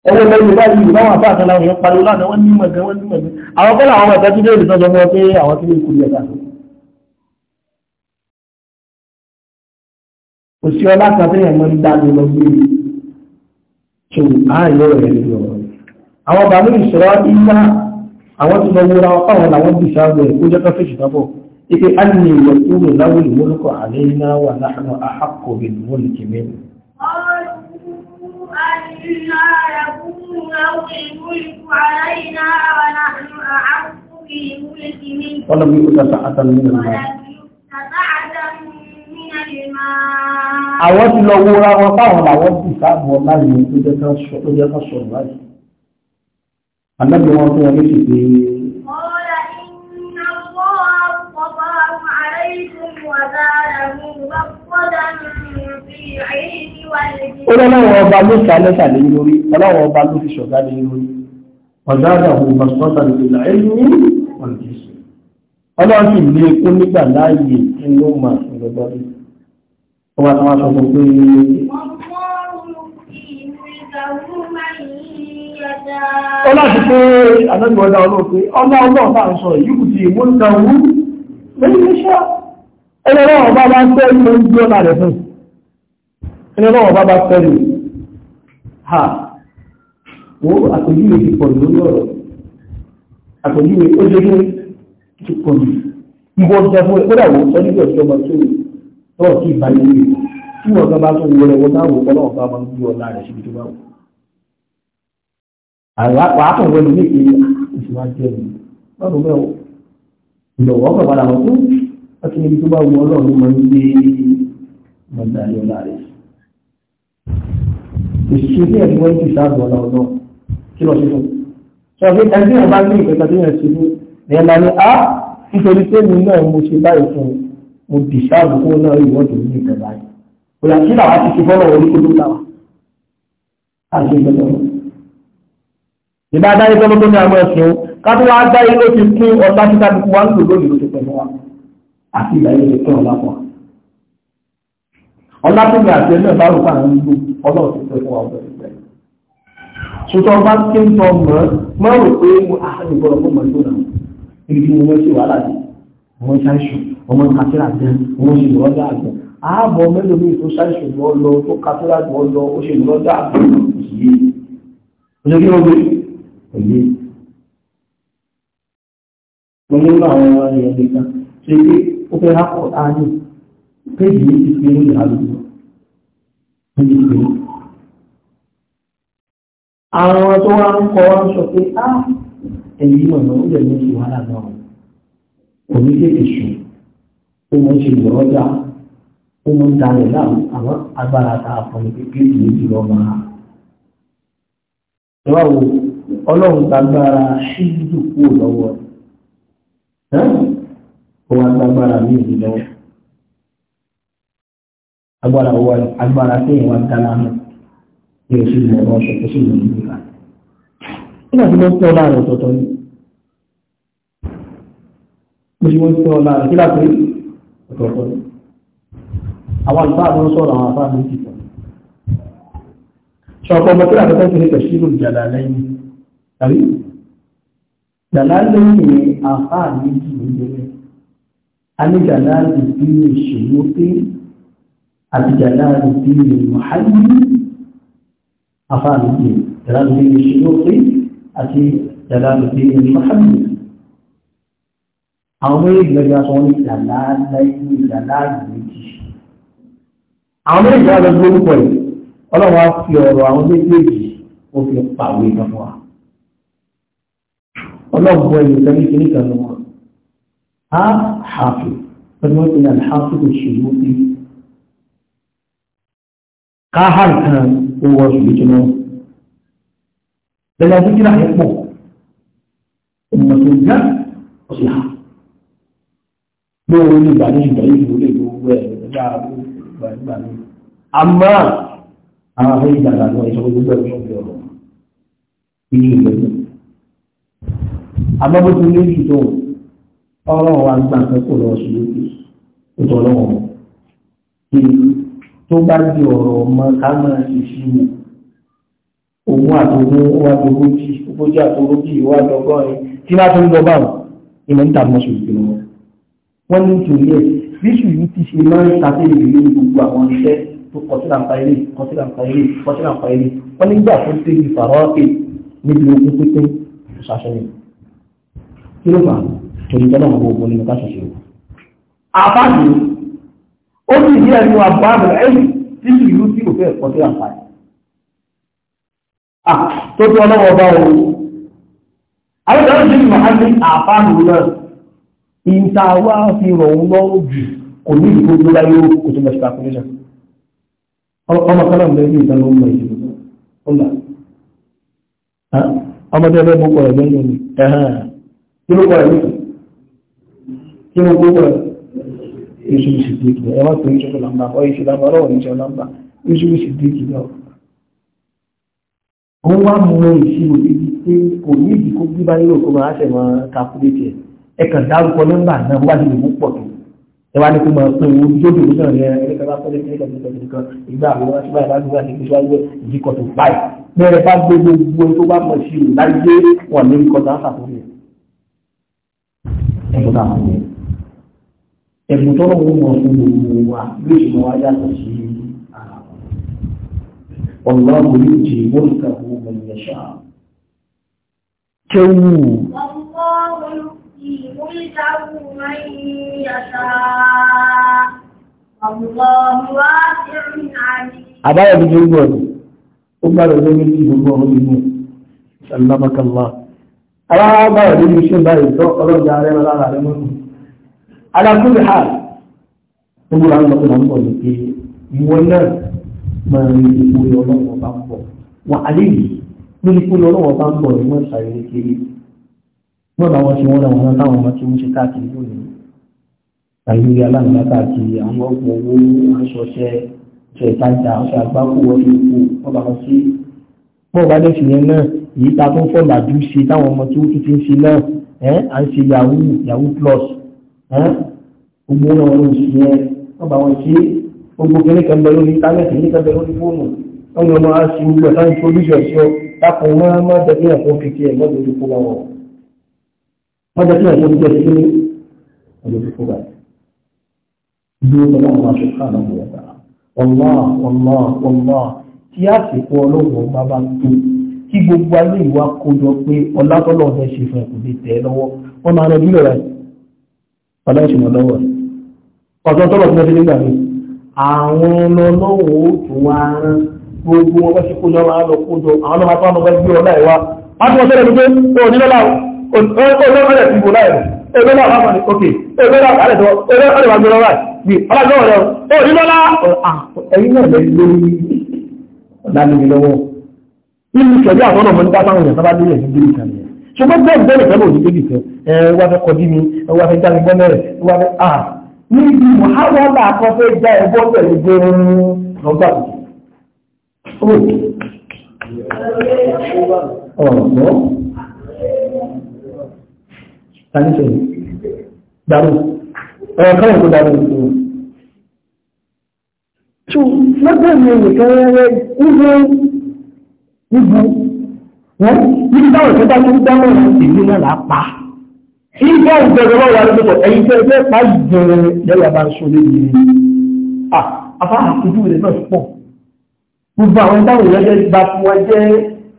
ẹgbẹ́ bẹ́ẹ̀ yorùbá yìí yorùbá wọn àbáàtà làwọn èèyàn pariwo lánàá wọ́n ní so ààyè rẹ̀ ní ọ̀rọ̀ àwọn bàbá ìṣòro ìlà àwọn tí wọ́n wúra ọ̀páwọn làwọn bí sáàbù ẹ̀ kó jẹ́ ká fèsì tábọ̀ ike anni yẹ kúrò láwùlù mọ́lùkọ̀ àlẹ́yìnà wà nahnu ahaqqu bil mulki min. ولم يؤت سعة من المال àwọn ti lọ wúra wọn fáwọn làwọn bù sáàbù ọlá yìí tó jẹ́ ká sọ tó jẹ́ ká sọ báyìí àmẹ́bí wọn fún wọn léṣe pé ó lọ́wọ́ ọba ló ṣàlẹ́ ṣàlẹ́ lórí ọlọ́wọ́ ọba ló fi ṣọ̀gá lé lórí ọ̀dá àdàwò pàṣípàṣà lòdìlà ẹ̀yìn ọ̀dìsì ọlọ́run sì lé kó nígbà láàyè tí ló máa ṣe lọ́gbọ́dún ọwà tó wá sọ fún pé ó láti pé àdájúwọ́dá olóòpé ọmọ ọlọ́ọ̀bá ń sọ yíkù ti mú ń tàwú lẹ́yìn iṣẹ́ ẹlẹ́rọ̀ọ̀bá bá tẹ́ ìlú ń bí ọlá rẹ̀ fún ẹlẹ́rọ̀ọ̀bá bá tẹ́ tọ́ọ̀ sí ìbáyé rẹ̀ tí wọ́n kan bá tún wọlé wọn náà wò ó lọ́wọ́ bá máa ń gbé ọ̀la rẹ̀ síbi tó bá wù. àwọn àtọ̀wọ́ ni ní ìpele ìṣèwádìí ẹ̀ lọ́dún mẹ́wọ̀ ìlọ̀wọ́ kan padà wọ́n tún wọ́n ti níbi tó bá wù ọlọ́run ló máa ń gbé mọ̀tàlẹ́ ọ̀la rẹ̀. òṣìṣẹ́ bí ẹ̀rí wọ́n ti sáàbù ọ̀la ọ̀nà kí lọ sí fún. sọ pé ẹni tí wọ́n bá ní ìpẹ́ta mo dì sáàbù kó náà rí ìwọ́dù ní ìjọba yìí òyà kí làwọn ti fi fọ́lọ̀ orí kó tó gbà wá àti ìjọba wọn. ìbá dáyé tó lóko ní àwọn ẹ̀sìn o kátó wá dáyé ló ti kún ọ̀tá títà bí wọ́n ń lò lónìí ló ti pẹ̀lú wa àti ìgbà yẹn lè tọ́ ọ̀la pọ̀. ọ̀la tó ní àti ẹ̀mẹ́ bá rò pa àwọn ìlú ọlọ́run ti pẹ̀ fún wa ọ̀dọ̀ ìgbà yìí. sùtọ́ bá ké ń tọ́ mọ́ mọ́ rò pé mo àṣà ìgbọ̀rọ̀ fún mọ́ ọmọ kátírà gan òun ṣe ìrọ́dà àgbẹ̀ ààbọ̀ mélòó mi tó ṣàìṣù lọ lọ tó kátírà lọ lọ ó ṣe ìrọ́dà àgbẹ̀ yìí ó ṣe kí ó gbé òye mo ní bá àwọn ọmọ yẹn gbé kan ṣe pé ó fẹ́ rákọ̀ áyù péjì yìí ti fi ń rìn àlùkò níbi àwọn tó wá ń kọ wá ń sọ pé á ah, ẹ̀yìn mọ̀nà ó lè ní ìwádà náà kò ní tètè sùn ó mọ̀ ṣe ìrọ́jà ó mọ̀ ń dalẹ̀ láàmú àwọn agbára tá a fọ ní kékeré yìí jùlọ máa. ìwà wo ọlọ́run gbàgbára ṣíjú kúrò lọ́wọ́ ẹ̀ kó wá gbàgbára ní ìlú lọ́wọ́. agbára wo agbára téèyàn wá dáná mọ́ ní oṣù mọ̀ ọ́ ṣọ̀kọ́ sí ìlú nìkan. nígbà tí wọ́n tọ́ láàrin ọ̀tọ̀ọ̀tọ̀ ni mo ṣe wọ́n tọ́ láàrin kí láti ọ̀tọ̀ọ̀tọ̀ àwọn àlùfáà ló ń sọ̀rọ̀ àwọn àfáà méjì kan ṣọ̀pọ̀ ọmọ tí àtọ́tọ́ ti ní tẹ̀sílù jàdà lẹ́yìn tàbí jàdà lẹ́yìn ni àfáà méjì ló jẹ́rẹ́ alẹ́jàdà lè bí ìṣèlú pé àtijàdà bí ìmọ̀hálì àfáà pé àti jàdà lè bí ìmọ̀hálì àwọn méjì lọ́jọ́ sọ ní ìdàlá lẹ́yìn ìdàlá ìgbèjì àwọn méjì lọ́jọ́ lórúkọ yìí ọlọ́wọ́ á fi ọ̀rọ̀ àwọn méjèèjì ó fi pàwé kan fún wa ọlọ́gbọ́ ẹ̀yìn kan ní kíní kan lọ́wọ́ á hàfi pẹ̀lú wọn ti ní àlhàfi kò ṣe ló bí káhà kan ó wọ ṣùgbọ́n tó náà lẹ́yìn àti kíra ẹ̀ pọ̀ ọmọ tó ń gbà ọ̀sẹ̀ hàn pé ní ìgbà ní ìgbà yìí lè gbogbo ẹ̀ gbogbo ẹ̀ ṣọ́ọ̀bù ọ̀rọ̀ kò lọ sí lókè ó lọ́wọ́ kí tó bá di ọ̀rọ̀ ọmọ ká máa ṣe sí mi òun àtògùn tí bá ń lọ báwọn ìmọ̀ níta ìgbìmọ̀ wọ́n ní nítorí ẹ̀ bíṣù yìí ti ṣe máa ń ṣàfihàn ìrírí ní gbogbo àwọn iṣẹ́ tó kọsílà ń pa ilé kọsílà ń pa ilé kọsílà ń pa ilé wọ́n nígbà tó dé ìfàrọ́ ẹ̀ níbi ogún pípé ìṣàṣẹyìn kí ló fà torí tọ́lá àwọn ogun nínú ká ṣàṣẹyìn. àbájú ó sì díẹ̀ ní àbọ̀ àbẹ̀rẹ̀ ẹ̀yìn bíṣù yìí ti òfin ẹ̀kọ́ sí àǹfààní. tó tún ìta wá fi rọ̀ ń lọ́rùn jù kò ní ìgbó tó láyé kò tó mẹ́ṣẹ̀ calculation ọmọ kan náà lẹ́yìn ìdáná ọmọ ìdìbò ọlá ọmọdé ẹgbẹ́ mú kọ̀rọ̀ lẹ́yìn omi kí ló kọ̀rọ̀ lẹ́yìn kí ló kó kọ̀rọ̀ èṣù ìṣìdíkì ẹ wá pé ìṣòro làmbà ọ ìṣòro làmbà ọlọ́wọ̀ ìṣòro làmbà èṣù ìṣìdíkì náà ó wá mú ìṣirò ibi tí kò ní ìdíkó bí nílò kó máa ṣẹ̀ máa calculate ẹ kàn dárúkọ nọ́mbà náà wọ́n bá ti lè mú pọ̀ tó ẹ wá ní kó máa pé owó yóò dùn náà yẹn ẹni kan bá fẹ́ lẹ́yìn ẹ̀ka ìgbà ìgbà ìgbà àwọn ọmọ ṣùgbọ́n ìbá gbogbo àti ìgbà ìgbà ìdíkọ̀ tó báyìí bẹ́ẹ̀ bá gbé gbogbo tó bá mọ̀ sí ìláyé wọn ní ìkọ̀ dáńsà tó yẹ. ẹ̀bùn náà ẹ̀bùn tó lọ́wọ́ mọ̀ fún gbogbo wa bí ìṣúná wa yàtọ̀ sí ara wọn. ọ̀lọ́run ملكه من يشاء والله واسع عليم àbáyọ̀ bí gbogbo ọ̀dọ̀ ó gbára lórí ní gbogbo ọ̀rọ̀ inú ṣàlámàkàlá alábáyọ̀ lórí iṣẹ́ báyìí tọ́ ọlọ́jà rẹ̀ lára rẹ̀ mọ́tò alákùnrin ha ó múra ń lọ́kùnrin àwọn ọ̀dọ̀ pé ìwọ náà máa rí ipò ọlọ́wọ́ bá ń bọ̀ wà bọ́ọ̀lù àwọn tí wọ́n lọ wọn táwọn ọmọ tí wọ́n ṣe káàkiri lónìí àìlórí aláǹgbá káàkiri àwọn ọgbọ̀n owó aṣọṣẹ ṣe ìtajà ọṣẹ àgbákò wọlé ipò ọba wọn sí bọ́ọ̀lù bá lẹ́sìn yẹn náà èyí ta tó ń fọ́ làdú ṣe táwọn ọmọ tí ó ti ń ṣe náà ẹ́ à ń ṣe yahoo yahoo plus ẹ́ gbogbo wọn wọn oṣù yẹn ọba wọn sí gbogbo kìíní bẹ lórí íńtánẹ́ẹ̀tì kìíní bẹ lórí fóònù wọn wọn máa ṣe wọ́n jẹ́ kí ẹ̀kọ́ ti jẹ́ sí ní ọjọ́ tó kó báyìí. Dúró pẹ̀lú àwọn aṣọ́kà náà wọ̀ ọ̀tà. Ọ̀lá ọ̀lá ọ̀lá tí àsìkò ọlọ́wọ́ bá bá tó kí gbogbo ayé ìwà kójọ pé ọlátọ́lọ́ ọ̀fẹ́ ṣe fún ẹ̀kọ́ lè tẹ̀ lọ́wọ́. Wọ́n máa rẹ bílẹ̀ rẹ̀ padà ìṣúná lọ́wọ́ rẹ̀. Ọ̀sán tọ́lọ̀ tí wọ́n ti nígbà Àwọn ọlọ́wọ́ tó wá rán gbogbo wọn bá ṣe kójọ wọn á lọ kójọ àwọn ọlọ́wọ́ olóòrẹ̀ ti bò láìrò ẹgbẹ́ náà wọ́n ní òkè ẹgbẹ́ náà wà lẹ́tọ́ ẹgbẹ́ náà wà gbọ́rọ̀ ráì bí alájọ́ rẹ̀ ó rí lọ́lá ẹ̀yìn náà lè lórí lálẹ́ lọ́wọ́ nínú ìṣẹ̀lẹ̀ àtọ́nà mọ́ nípa táwọn èèyàn sábà nílẹ̀ ní gbèrè kan nìyẹn ṣùgbọ́n bẹ́ẹ̀ bẹ́ẹ̀ fẹ́ lòdì débi fẹ́ ẹ wá fẹ́ kọjú mi wá fẹ́ jáde gbọ́n mẹ́rẹ̀ wá fẹ́ à níbi wàhálà àkọsẹ́ já ẹgbọ́ tẹ̀lé gbẹrun lọ́gbà tuntun tani ṣe dàrú ọ̀rọ̀ kọ́wọ̀ tó dàrú ìlú ṣù lọ́gbẹ̀ mi nìkan rẹ̀ nígbó nígbó wọ́n níbi táwọn tó bá tó dámọ̀ ìlú náà là pa ìgbà ìgbẹ̀rẹ̀ wọ́n wà lọ́pọ̀ ẹ̀yìn tẹ́ ẹgbẹ́ pa ìgbẹ̀rẹ̀ lẹ́yà bá ṣo lébi afá àkójú rẹ̀ náà pọ̀ gbogbo àwọn táwọn ìrẹ́jẹ́ bá fún wa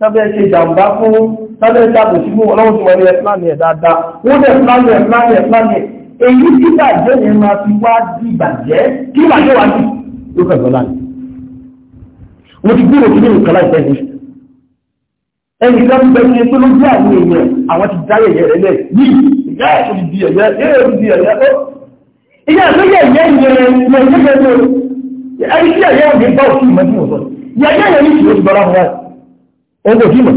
tábẹ́ ṣe jàǹbá fún tábẹ́ ṣàbò sí fún ọlọ́run tí wọ́n ní ẹ̀fúlàní ẹ̀ dáadáa wọ́n dẹ̀ fúlàní ẹ̀fúlàní ẹ̀fúlàní èyí tí bàjẹ́ yẹn máa fi wá di bàjẹ́ kí bàjẹ́ wá sí ló kàn lọ́la ni. mo ti gbúrò kí nínú kan láìpẹ́ yìí ẹnì kan ń ní ẹgbẹ́ ló jẹ́ àwọn èèyàn àwọn ti dá yẹ̀yẹ́ rẹ̀ lẹ̀ yìí ìyá ẹ̀ ogun kí mọ̀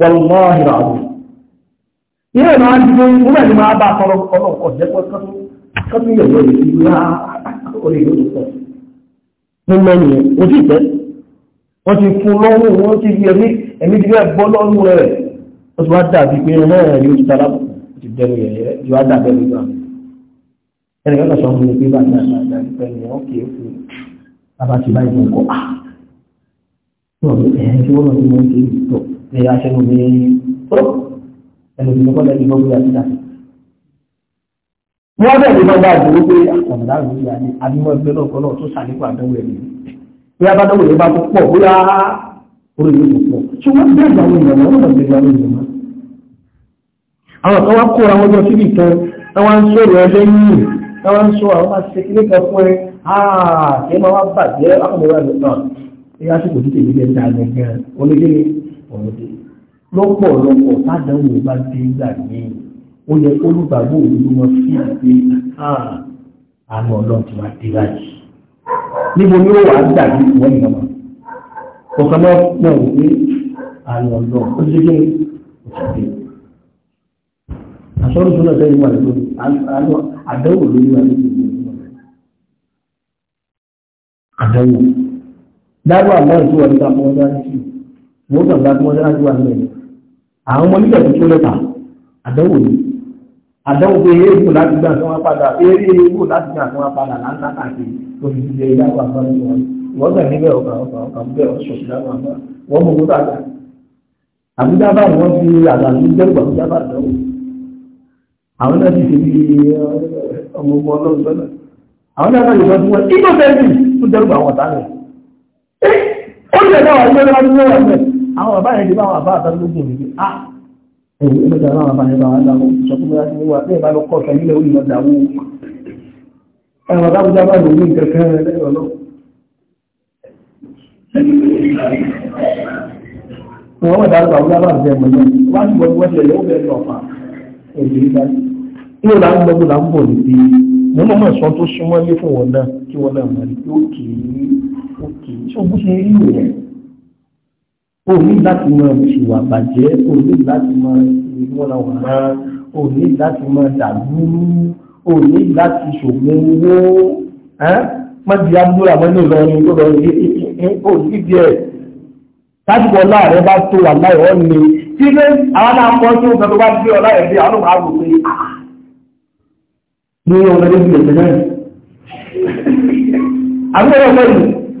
wọ́lọ́hìrà àwọn ilé ìmọ̀ á dìbò ìgbà tí máa bá sọ̀rọ̀ ọ̀rọ̀ ọ̀jẹ́pọ̀ kọ́túnyẹ̀ lórí ìlú orí ìlú tó pọ̀ ní mẹ́rin yẹn ó sì tẹ́ wọ́n ti fún lọ́wọ́ wọn ti fi ẹ̀mí ẹ̀mí ti fẹ́ bọ́ lọ́rùn rẹ̀ ó ti wá dàbí pé ẹ̀rọ náà yóò ti tara ti dẹnu yẹn yẹn ti wá dàbí ẹ̀mí ẹnì kan sọ fún mi pé bàtà bàtà ìpẹ́ni ọ̀kẹ́ fún bàbá ti báyìí fún kọ́ ah! ẹ̀yìn tí wọ́n lọ sí mọ́tò tó ní aṣẹ́nu ní tó ẹnu tí wọ́n lẹ́yìn gbogbo àti àti. wọ́n bẹ̀rẹ̀ bá bá àdúró pé àkàndá ìlú ìyá ni àbíwọ́ ẹgbẹ́ náà kọ́ náà tó sàlékún àdánwò ẹ̀mí. bí abádáwò yẹn bá tó pọ̀ bóyá orí yóò tó pọ̀ tí wọ́n bẹ̀rẹ̀ àwọn èèyàn wọn náà bẹ̀rẹ̀ àwọn èèyàn wọn. àwọn kan wá kóra wọn jọ síbi kan táwọn ń sọ̀rọ̀ ẹ lẹ́yìn táwọn ń sọ àwọn máa ṣe kékeré ẹ̀yà tó kò tó tèmi lẹ́nu dáa gẹ́gẹ́ onígbèrè ọ̀rọ̀dẹ lọ́pọ̀lọpọ̀ sádàwò bá dé gbà ní ó yẹ olùgbàgbọ́ òdodo wọn fi àgbé àánú ọlọ́run ti wá dé báyìí níbo ni ó wàá gbà ní ìwọ ìnáwó kọ̀ọ̀kan náà mọ̀ wípé àánú ọlọ́run ó ti dé òṣèlú àṣọ́rù tó náà sẹ́yìn wà lórí lórí wà lórí dáró àlọ́ ìṣòwò nípa fún ọjọ́ àti mo kàn gba fún ọjọ́ àti wà nílẹ̀ àwọn ọmọ nígbà tó tó lẹ́ta àdánwò ni àdánwò pé eré ìbò láti gbà tí wọ́n padà eré ìbò láti gbà tí wọ́n padà láńtà káàkiri lórí ìdílé dáró àbá ní wọn wọ́n gbà níbẹ̀ ọkà ọkà ọkà bẹ́ẹ̀ ọ̀ṣọ̀ sí dáró àbá wọ́n mú kó dàgbà àbújá bá wọn fi àgbàlú dẹ́rù àbújá bá dánwò àwọn náà ti ṣe ó lè bá wà lórí ọdún lọ́wọ́ ẹ̀mẹ́ àwọn bàbá yẹn ti bá wà bá a èyí ó lọ́jà náà bàbá yẹn bá wà láwọn ìṣọ́kú bá ti wà bẹ́ẹ̀ bá lọ kọ́ ọ̀sẹ̀ nílẹ̀ òyìn sọ òkè tí o bó ṣe rí rẹ̀ o ní láti mọ ìwà bàjẹ́ o ní láti mọ ìwọ́nàwọ̀nà o ní láti mọ dàgbúrú o ní láti ṣògùn owó mọ́tì àbúrò àmọ́ ní ìlọrin tó lọ rí o ní díẹ̀ lásìkò ọlá rẹ bá tó wà láì wọ́n ni tí lé àwọn náà kọ́ sí òkè tó bá gbé ọlá rẹ̀ bí àwọn máa wò pé ah, ní ọlọ́dẹ́ bí náà àbúrò ọlọ́dẹ́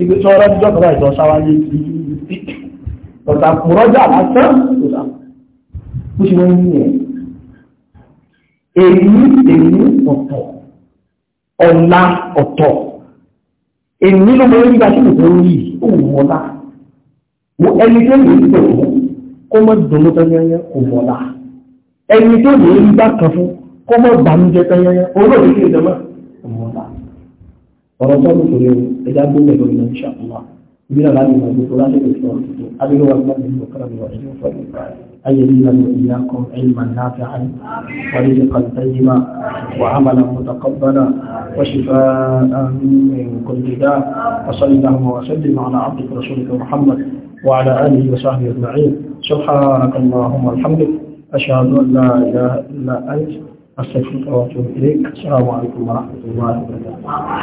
ibi tí ọ̀rọ̀ ìjọ kọ̀ọ̀rọ̀ ìjọ sáwáyé ti ọ̀tà kùrọ́jà lásán ìjọba bó ṣe wọ́n ní ẹ̀ èyí èyí ọ̀tọ̀ ọ̀la ọ̀tọ̀ èyí ló mọ̀ nígbà tí kò rí òun ọ̀la mo ẹni tó lè dùn kó mọ̀ dùnú tẹ́yẹ́yẹ́ kò mọ̀ ọ̀la ẹni tó lè rí kan fún kó mọ̀ bàmújẹ tẹ́yẹ́yẹ́ olóòtú kì í ọ̀rọ̀ sọ́dún tó léwu ẹja tó lè lórí náà ṣá ọ̀la ibi náà láti máa gbogbo láti lè sọ̀rọ̀ tó adúlọ́ wa gbọ́dọ̀ nínú ọ̀kadà ní wàá ẹ̀yìn fọ́ọ̀lù ayé nílá ní ìyá kan ẹ̀yìn máa náà fi hàn wàlẹ́ ní kàlùtẹ́yìn máa wà á máa lọ́kọ̀ tọkọ́bọ́nà wọ́n sì fẹ́ kòlìdá وصلى اللهم وسلم على عبدك رسولك محمد وعلى اله وصحبه اجمعين سبحانك اللهم وبحمدك اشهد ان لا اله الا انت استغفرك واتوب اليك السلام عليكم ورحمه الله وبركاته